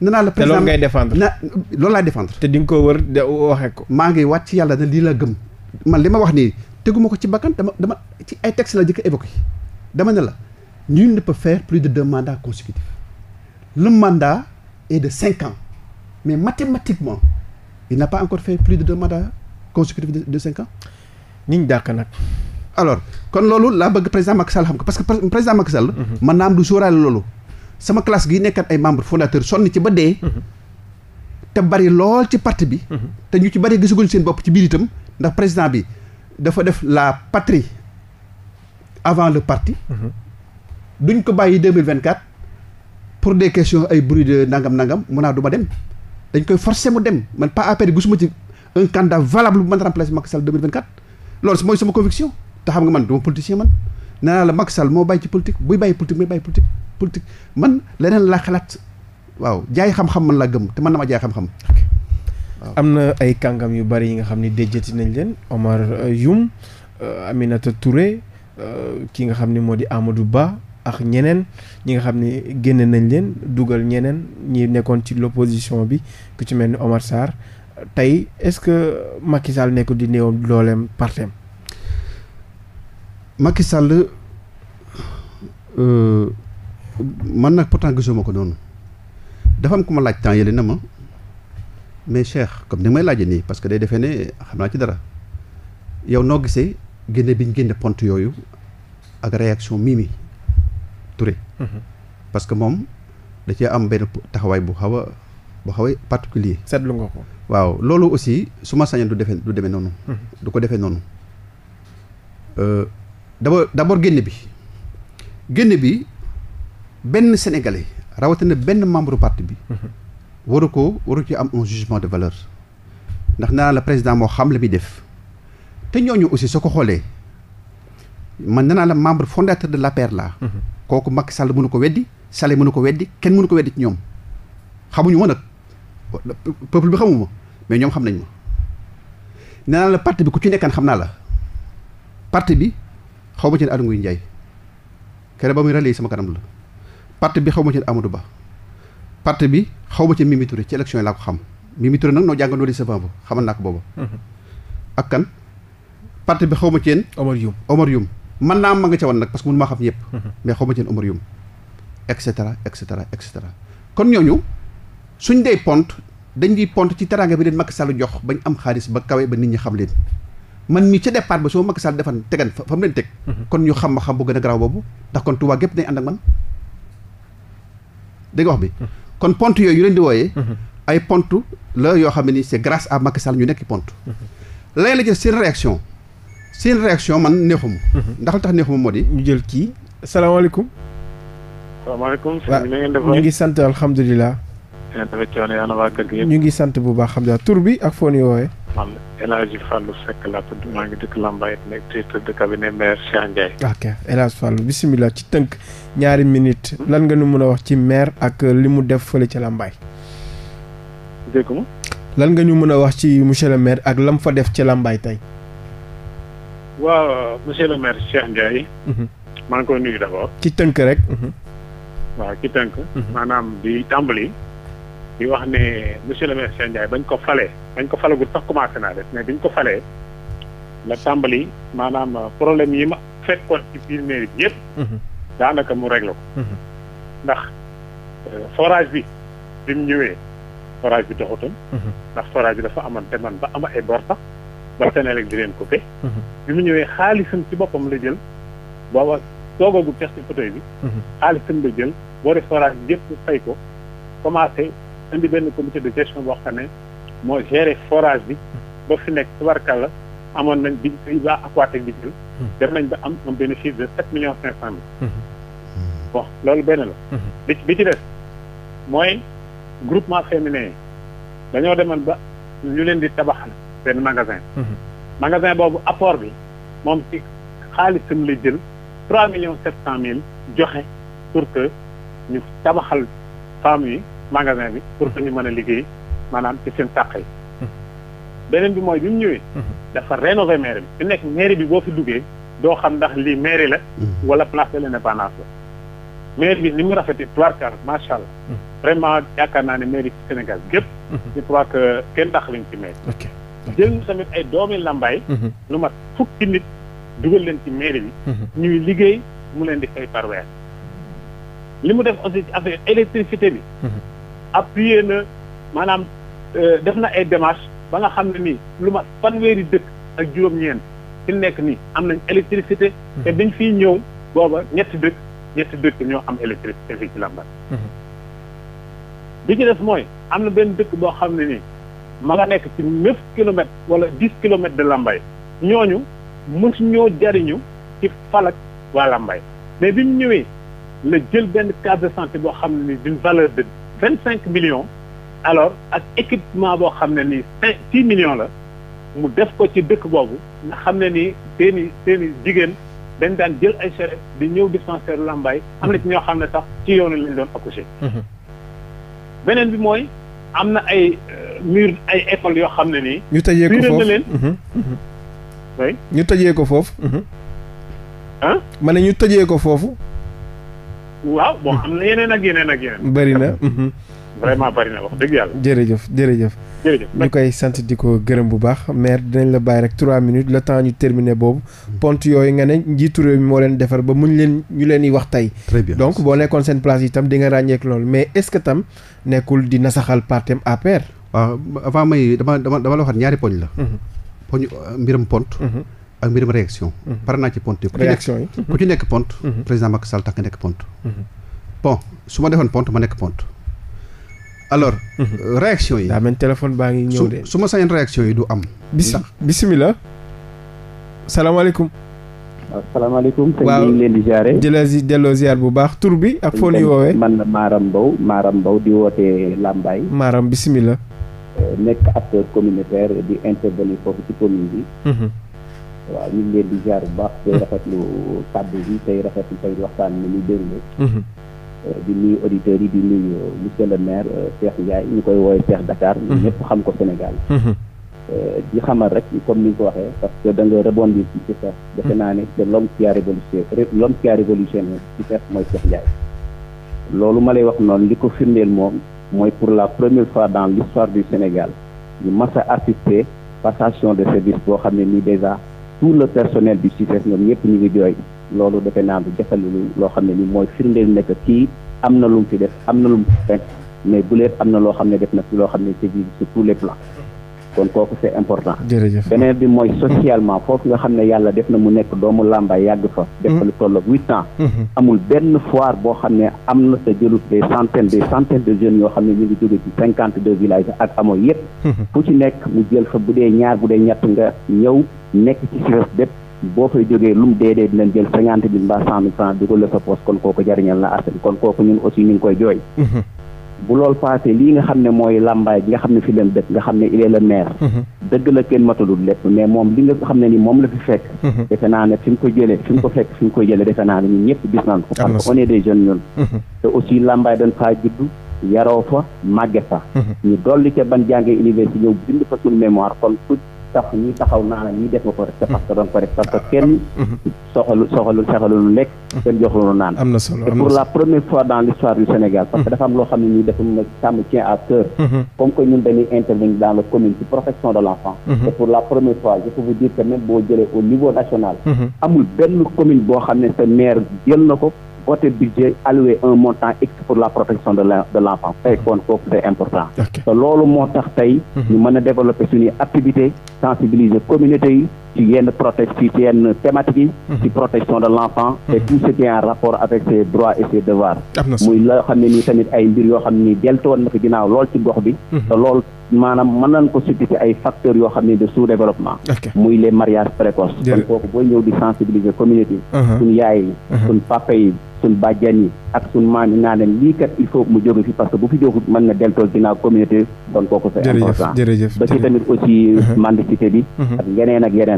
nee naa la président te loolu ngay défendre na loolu laay défendre. te di nga ko wër de waxee ko. maa ngi wàcc yàlla na lii la gëm man li ma wax nii teguma ko ci bakkan dama dama ci ay texte la jëkk évoqué dama ne la nul ne peut faire plus de deux mandats consécutifs le mandat est de cinq ans mais mathématiquement il n'a pas encore fait plus de deux mandats consécutifs de, de cinq ans. niñ dàq nag. alors kon loolu laa bëgg président Macky Sall xam ko parce que président Macky Sall. Mhm. man naa am du sóoraale loolu. sama classe gi nekkat ay membres fondateurs sonn ci ba dee. Mhm. te bari lool ci parti bi. Mhm. te ñu ci bari gisaguñ seen bopp ci biir itam ndax président bi dafa def la patrie avant le parti. Mhm. duñ ko bàyyi deux mille vingt pour de question ay bruit de nangam nangam mun naa du ma dem. dañ koy forcer mu dem man pas APR suma ci un candidat valable bu mën a remplacer Macky Sall mooy sama conviction te xam nga man du ma politicien man nee naa la Macky Sall moo bàyyi ci politique buy bàyyi politique muy bàyyi politique politique man leneen laa xalaat waaw jaay xam-xam man laa gëm te man na ma jaay xam-xam. am na ay kàngam yu bari yi nga xam ni déjjati nañ leen Omar euh, Youm euh, Aminata Touré. Euh, ki nga xam ni moo di Amadou Ba ak ñeneen ñi nga xam ni génne nañ leen dugal ñeneen ñi nekkoon ci l'opposition bi ku ci mel ni Omar Sarr tey est-ce que Macky Sall di néew dooleem partem Macky Sall euh, man nag pourtant gisuma ko noonu dafa am ku ma laaj temps yële na ma mais Cheikh comme ni may laajee nii parce que day defee ne xam naa ci dara yow noo gisee. génne bi ñu génne pont yooyu ak réaction Mimi Touré. Mhm. parce que moom da cee am benn taxawaay bu xaw a bu xaw a particulier. seetlu nga ko. waaw loolu aussi su ma sañoon du defee du demee noonu. Mhm. du ko defee noonu. Euh, d'abord d'abord génne bi génne bi benn sénégalais rawatina benn membre parti bi. Mhm. waru ko waru ci am un jugement de valeur ndax naa la président moo xam la muy def. te ñooñu aussi soo ko xoolee man nee naa la membre fondateur de l'APR laa mhm. kooku Macky Sall mënu ko weddi Sall mënu ko weddi kenn mënu ko weddi ci ñoom xamuñu ma nag peuple bi xamuma mais ñoom xam nañ ma nee naa la parti bi ku ci nekkaan xam naa la parti bi xaw ma ci ne Aly Ngouille ba muy relais sama kanam bi xaw ma ci ne Amadou Ba parti bi xaw ma ci Mimi Touré ci yi laa ko xam Mimi Touré nag noo jàngandoo li savant ba xamal naa ko booba mhm. parti bi xaw ma ci yéen Omar man naa ma nga ca woon nag parce que mënu maa xam ñëpp mhm. mais xaw ma ci yéen Omar Youm et cetera et cetera et cetera kon ñooñu suñ dee pont dañ di pont ci teraanga bi leen Macky Sall jox bañ am xaalis ba kawe ba nit ñi xam leen man mii ca départ ba soo Macky Sall defan tegan fa mu leen teg mhm. kon ñu xam ma xam bu gën a garaaw boobu ndax kon Touba gépp nañ ànd ak man dégg wax bi mhm. kon pont yooyu ñu leen di wooyee ay pont la yoo xam ne nii c'est grâce à Macky Sall ñu nekk pont leneen la jël seen seen réaction man neexuma. Mhm. ndax lu tax neexuma moo di. ñu jël kii salaamaaleykum. salaamaaleykum. sëñ bi def ñu ngi sant alhamdulilah. sëñ bi yaa na waa ñu ngi sant bu baax xam naa tur bi ak foo ñu woowee. man El Hadj laa tudd maa ngi dëkk Lambaye nekk directeur de cabinet maire Cheikh Ndiaye. ok El ci tënk ñaari minute hmm? lan nga ñu mën a wax ci maire ak uh, li mu def fële ci Lambaye. lan nga ñu mën a wax ci monsieur le maire ak mu fa def ci Lambaye tey. waaw monsieur le maire Cheikh Ndiaye. Mhm. maa ngi koy nuyu d' abord. ci tënk rek. Mhm. Mhm. waaw ci tënk. maanaam di tàmbali. di wax ne monsieur le maire Cheikh Ndiaye bañ ko falee bañ ko falagul sax commencé naa def mais biñ ko falee la tàmbali maanaam problème yi ma fekkoon ci biir mairie bi yëpp. daanaka mu réglé ko. ndax euh, forage bi bi mu ñëwee forage bi doxutoon. ndax forage bi dafa amoon man ba am ay bor waa Sénégal di leen coupé. Mhm. bi mu ñëwee xaalisam ci boppam la jël booba toogagu pex ci fauteuil bi. Mhm. xaalisam la jël boo def forage bi yëpp fay ko commencé indi benn comité de gestion boo xam ne mooy géré forage bi boo fi nekk tubarkalla amoon nañ bi bi ba aquatique bi jël. Mhm. dem nañ ba am un bénéfice de sept millions cinq cent mille. bon loolu benn la. bi bi ci def mooy groupement féminin dañoo demoon ba ñu leen di tabaxal. benn magasin. Mhm. magasin boobu apport bi moom ci xaalisam la jël trois millions sept cent mille joxe pour que ñu tabaxal femmes yi magasin bi pour que ñu mën a liggéey maanaam ci seen sàq yi. Mhm. beneen bi mooy bi mu ñëwee. Mhm. dafa rénover mairie bi. fi nekk mairie bi boo fi duggee doo xam ndax lii mairie la. wala place de l'indépendance la. mairie bi ni mu rafetee trois quarts macha allah. vraiment yaakaar naa ne mairie ci Sénégal gépp je crois que kenn taxawuñ ci mairie. jël na tamit ay doomi làmbaay mhm. lu mat fukki nit dugal leen ci mairie bi mhm. ñuy liggéey mu leen di fay par weer li mu def aussi ci affaire électricité bi mhm. appuyé na maanaam euh, def na ay démarches ba nga xam ne nii lu mat fanweeri dëkk ak juróom-ñeent fi nekk nii am nañ électricité te dañ fiy ñëw booba ñetti dëkk ñetti dëkk ñoo am électricité fii ci làmbaay bi ci des mooy am na benn dëkk boo xam ne nii ma nga nekk ci neuf kilomètres wala dix kilomètres de Lambaye ñooñu mësu ñoo jariñu ci falak waa lambay mais bi mu ñëwee la jël benn case de boo xam ne ni d'une valeur de vingt cinq millions alors ak équipement boo xam ne ni cinq millions la mu def ko ci dëkk boobu nga xam ne ni seeni seeni jigéen dañ daan jël ay charrette di ñëw dispensaire lambay am na ci ñoo xam ne sax ci yoonu lañ doon accoucher mhm. beneen bi mooy am na ay mur ay école yoo xam ne nii. ñu tëjee ko foofu leen. Mhm. Mhm. ñu tëjee ko foofu. ah. ma ne ñu tëjee ko foofu. waaw boo xam ne yeneen ak yeneen ak yeneen. bëri na. vraiment bari na dëgg jërëjëf jërëjëf. ñu koy sant di ko gërëm bu baax maire dinañ la bàyyi rek trois minutes le temps ñu terminer boobu. pont yooyu nga ne njiitu réew mi moo leen defar ba muñ leen ñu leen di wax tey. très donc boo nekkoon seen place yi tam di nga ràññeek loolu mais est-ce que tam nekkul di nasaxal partem APR. waaw euh, avant may dama dama dama la waxaat ñaari poñ la. Mhm. poñ euh, mbiram pont. Mhm. ak mbiram réaction. Mhm. pare naa ci pont yi. ku ci nekk pont. président Macky Sall tax nekk pont. bon su ma defoon pont ma nekk pont. alors. réaction yi téléphone baa ngi ñëw su ma sañoon réaction yi du am. bis bisimilah. salaamaaleykum. asalaamaaleykum sëñ bi ñu ngi leen di jaare di la delloo ziar bu baax tur bi ak foo ñu woowee man la Maram Mbow Maram Mbow di wootee Lambaye Maram bisimilah Euh, nekk acteur communautaire di intervenir foofu ci commune bi. Mhm. waaw ñu leen di jaar bu baax tey rafetlu kàddu bi tey lu tey waxtaan ni muy déroulé. di nuyu auditeurs yi di nuyu euh, monsieur le maire euh, Cheikh Ndiaye ñu koy woowee seex Dakar. Mhm. ñëpp xam ko Sénégal. Mhm. di xamal rek comme ni nga ko waxee parce que da nga rebondir ci ci Cheikh. defe naa ne te l'homme qui a révolutionné l'homme qui a révolutionné ci loolu ma lay wax noonu li ko firndeel moom. mooy pour la première fois dans l'histoire du Sénégal ñu marché a assister passation de service boo xam ne nii déjà tout le personnel di CICES ñoom ñëpp ñu ngi jooy loolu defe naa lu jafe loo xam ne nii mooy firndeel nekk kii am na lu mu fi def am na lu mu fi fekk mais bu leet am na loo xam ne def na fi loo xam ne c'est sur tous les plans kon kooku c'est important. jërëjëf beneen bi mooy socialement foofu nga xam ne yàlla def na mu nekk doomu làmbaay yàgg fa. def fa lu tolloog huit mm-hmm. Mm-hmm. amul benn foire boo xam ne am na sa jëlut des centaines des de jeunes yoo xam ne ñu ngi jóge ci cinquante deux villages ak amoo yépp fu mm-hmm. ci nekk mu jël fa bu dee ñaar bu dee ñett nga ñëw nekk ci boo fay jógee lum dee dee dinañ jël cinquante mille mbaa cent mille francs dugal la sa poche kon kooku jariñal na askan kon kooku ñun aussi ñu ngi koy jooy. bu loolu passé lii nga xam ne mooy làmbaay bi nga xam ne fi leen dëkk nga xam ne il est le maire mm-hmm. dëgg la kenn matalul lépp mais moom li nga xam ne ni moom la fi fekk mm-hmm. defe naa ne fi mu ko jëlee fi mu ko fekk fi mu ko jëlee defe naa ne ñun ñëpp gis nañ ko parce que on est des jeunes ñun mm-hmm. te aussi làmbaay dañ faa juddu yaroo fa màgge fa ñu dolli ca ban jànge université ñëw bind fa suñu mémoire kon ku tax ñuy taxaw naa la ñuy def nga ko rek. parce que mm-hmm. doon ko rek parce que kenn. soxalul mm-hmm. soxalul soxalul lekk. Mm-hmm. kenn joxulul naan. am pour la première fois dans l'histoire du Sénégal. parce que dafa am loo xam ne ñuy def mu ne ça à cœur. comme que ñun dañuy intervenir dans le commune ci protection de l'enfant. et pour la première fois je peux vous dire que même boo jëlee au niveau national. amul benn commune boo xam ne sa maire jël na ko. voter budget allouer un montant X pour la protection de la de l' enfant tey kon important te loolu moo tax tey mhm. ñu mën a activité sensibiliser communauté ci yenn protect ci yenn thématique yi mhm. ci protection de l' enfant mhm. et tout ce qui est en rapport avec ses droits et ses devoirs muy loo xam ne nii tamit ay mbir yoo xam ni deltoon na ko ginnaaw lool ci gox bi mhm. te lool maanaam mën nañ ko suti ay facteurs yoo xam ne de sous développement muy les mariages précoces kon kooku booy ñëw di sensibiliser communauté yi uh-huh. yaay yi uh-huh. papa yi suñ bàjjan yi ak suñ maam yi naa il faut mu jóge fi parce que bu fi jógu mën na deltool ginnaaw communauté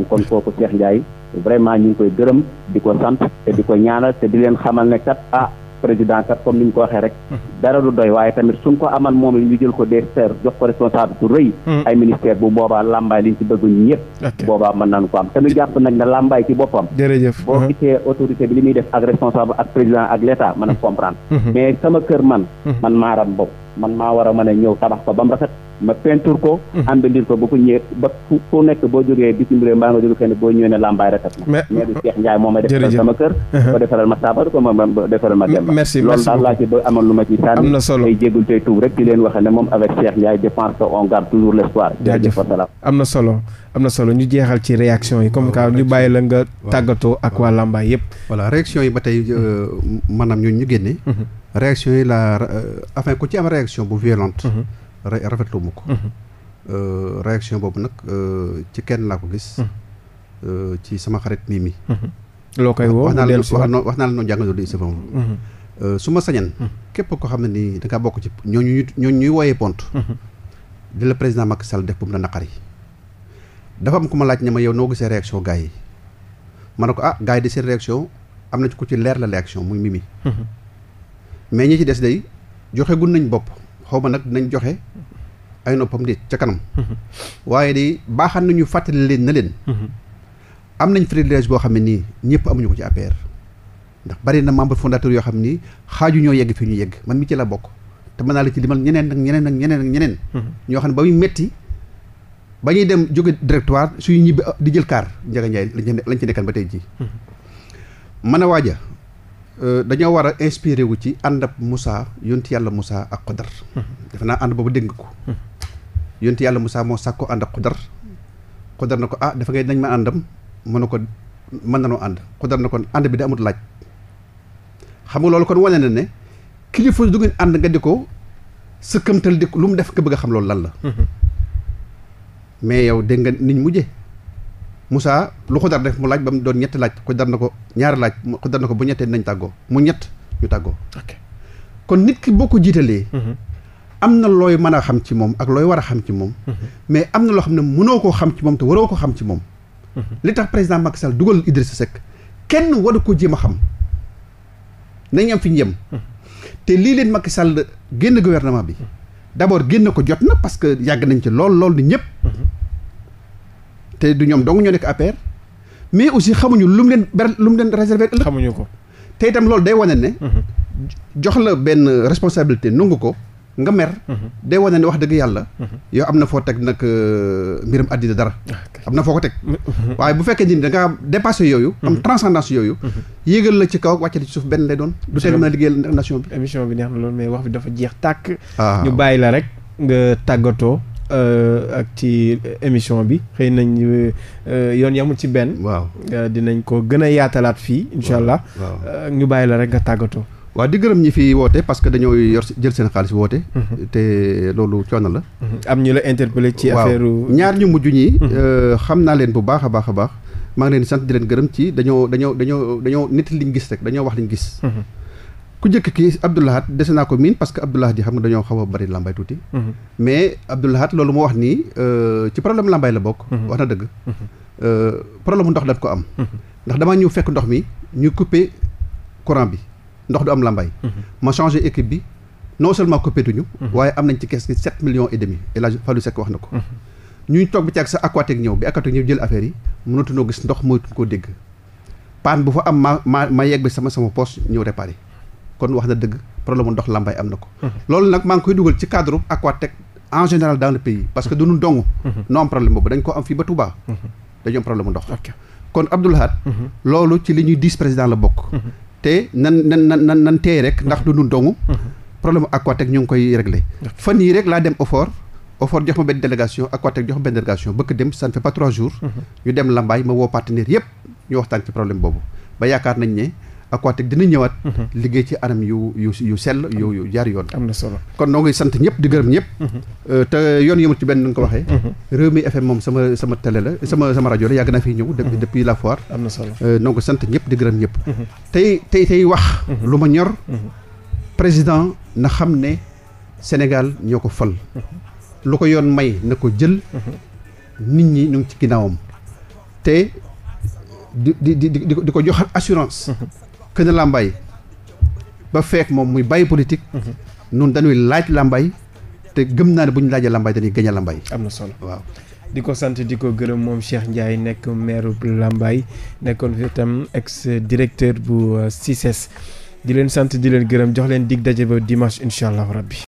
leen kon kooku Cheikh Ndiaye vraiment ñu ngi koy gërëm di ko sant te di ko ñaanal te di leen xamal ne kat a ah, président kat comme ni ñu ko waxee rek mhm. dara du doy waaye tamit suñ ko amal moom ñu jël ko des terres jox ko responsable bu rëy mhm. ay ministère bu boobaa làmbaay liñ ci bëgg ñëpp boobaa mën nañu ko am te ñu jàpp nag ne làmbaay ci boppam jërëjëf boo mhm. gisee autorité bi li muy def ak responsable ak président ak l' état a comprendre mais sama kër man man maaram bopp man maa war a mën a ñëw tabax ko ba mu rafet ma peinture ko. àndandir hmm. ko ba ku ñëwee ba ku ku nekk boo jógee bi réew maa nga jóge fenn boo ñëwee ne làmbaay rafet na. mais mais du Cheikh Ndiaye moom may defal ko (laughs) defaral ma saabar ko ma defaral ma dem. merci merci loolu daal laa lu ma ci sànni. am na solo tey jéegul tey leen wax ne moom avec Cheikh Ndiaye je pense que on garde am na solo am na solo ñu jeexal ci réaction yi comme que ñu bàyyi la nga tàggatoo ak waa làmbaay yëpp. voilà réaction yi ba tey euh, maanaam ñun ñu génne mm-hmm. réaction yi la enfin euh, ku ci am réaction bu violente mhm. rafetlu mu ko mhm. euh, réaction boobu nag euh, ci kenn laa ko gis mhm. ci sama xarit Mimi loo koy woo wax naa la wax naa la noonu jàngaloo di ma sañan képp ko xam ne nii da bokk ci ñooñu ñooñu ñuy wooyee pont di la président Macky Sall def bu mu la naqari dafa am ku ma laaj ne ma yow noo gisee réaction gars yi ma ne ko ah gars yi di seen réaction am na ci ku ci leer la réaction muy Mimi mais ñi ci des day joxe gun nañ bopp xaw ma nag dinañ joxe ay noppam de ca kanam. (laughs) waaye de baaxaan nañu fàttali leen na leen. Mhm. am nañ privilège boo xam ne nii ñëpp amuñu ko ci APR. ndax bari na membre fondateur yoo xam ni xaaju ñoo yegg fii ñu yegg man mi ci la bokk te mën naa la ci limal ñeneen ak ñeneen ak ñeneen ak ñeneen. Mhm. ñoo xam ne ba muy metti ba ñuy dem jóge directoire su ñibbi di jël kaar Ndiaga Ndiaye lañ ci nekkan ba tey jii. mën mhm. a waaja Euh, dañoo war a inspiré wu ci ànd ab Moussa yonti yàlla Moussa ak Xodar. defe naa ànd boobu dégg nga ko. yonti yàlla Moussa moo sàkk ko ànd ak Xodar. Xodar na ko ah dafa ngay nañ ma àndam mën na ko mën noo ànd Xodar na ko ànd bi da amut laaj. xam nga loolu kon wane na ne kilifa du ngeen ànd nga di ko sëkkamtal di ko lu mu def nga bëgg a xam loolu lan la. Mm-hmm. mais yow dégg nga niñ mujjee. musaa lu Xudar def mu laaj ba mu doon ñetti laaj Xudar na ko ñaari laaj Xudar na ko bu ñettee nañ tàggoo mu ñett ñu tàggoo. ok kon nit ki boo ko jiitalee. Mhm. am na looy mën a xam ci moom ak looy war a xam ci moom. Mhm. mais am na loo xam ne mënoo koo xam ci moom te waroo ko xam ci moom. Mhm. li tax président Macky Sall dugal Idrissa Seck kenn waru ko jéem a xam nañ am fi ñu yem. te lii leen Macky Sall génn gouvernement bi. d' abord génn ko jot na parce que yàgg nañ ci lool lool ni ñëpp. te du ñoom dong ñoo nekk APR mais aussi xamuñu lu mu leen ber lu mu leen réserver ëllëg xamuñu ko te itam loolu day wane ne mhm. jox la benn responsabilité nangu ko nga mer mhm. day wane ne wax dëgg yàlla mhm. yow am na foo teg nag euh, mbiram àddina dara ah, am na foo ko teg waaye bu fekkee ni da ngaa dépassé yooyu am transcendance yooyu yéegal la ci kaw wàcce la ci suuf benn lay doon du tee mën a liggéeyal nation bi émission bi neex na loolu mais wax bi dafa jeex tàkk ah. ñu bàyyi la rek nga tàggatoo Euh, ak ci émission bi xëy nañ euh, yoon yamul ci benn. waaw euh, dinañ ko gën a yaatalaat fii. incha allah ñu bàyyi la rek nga tàggatoo. waaw di gërëm ñi fii woote parce que dañoo yor jël seen xaalis woote. Mhm. te loolu coono la. Mhm. am ñu la interpellé ci affaire. ñaar ñu mujj ñi. Mhm. xam naa leen bu baax a baax a baax. maa ngi leen sant di leen gërëm ci dañoo dañoo dañoo dañoo nit liñ gis rek dañoo wax liñ gis. ku njëkk kii Abdoulahat dese naa ko miin parce que Abdoulahat yi xam nga dañoo xaw a bari lambay tuuti. Mhm. mais Abdoulahat loolu mu wax nii euh, ci problème lambay la bokk. Mhm. wax na dëgg. Mhm. Euh, problème mu ndox dañ ko am. ndax damaa ñëw fekk ndox mi ñu coupé courant bi ndox du am lambay. ma changé équipe bi non seulement coupé duñu. waaye am nañ ci kees gi set millions et demi El Hadj Fallou Seck wax na ko. ñuy toog bi ci ak sa aquatique ñëw bi aquatique ñëw jël affaire yi mënatu gis ndox moytu koo dégg paan bu fa am ma ma ma yegg bi sama sama poche ñëw kon wax na dëgg problème ndox lambay am na ko. Mhm. loolu nag maa ngi koy dugal ci cadre Aquatech en général dans le pays. parce que du ñu dong. Mhm. noo am problème boobu dañ ko am fii ba Touba. Mhm. dañu am problème mu ndox. kon Abdoul Ahad loolu ci li ñuy diis président la bokk. te nan nan nan nan teey rek ndax du ñu dong. problème Aquatech ñu ngi koy regle fan yii rek laa dem Ofor. Ofor jox ma benn délégation Aquatech jox ma benn délégation bëgg dem ça ne fait pas trois jours. ñu dem Lambaay ma partenaire yëpp ñu waxtaan ci problème boobu ba yaakaar nañ ne. aquatique dina ñëwaat. Mhm. liggéey ci anam yu yu yu sell yu yu jaar yoon. am na solo kon noo sant ñëpp di gërëm ñëpp. Mhm. Euh, te yoon yëmul ci benn nu ko waxee. Mhm. mi FM moom sama sama télé la sama sama rajo la yàgg naa fi ñëw. depuis depuis la foire. am na solo euh, noo ngi sant ñëpp di gërëm ñëpp. tey tey tey wax. lu ma ñor. président na xam ne Sénégal ñoo ko fal. lu ko yoon may na ko jël. nit ñi ñu ngi ci ginnaawam. te di di di di ko joxal assurance. que de ba feek moom muy bàyyi politique. noonu mhm. dañuy laaj Lambaye te gëm naa ne bu ñu laaja Lambaye dañuy gañ a am na solo waaw. di ko sant di ko gërëm moom Cheikh Ndiaye nekk maire bu Lambaye nekkoon fi tam ex directeur bu euh, CICES e di leen sant di leen gërëm jox leen dig daje ba dimanche incha allah rabbi.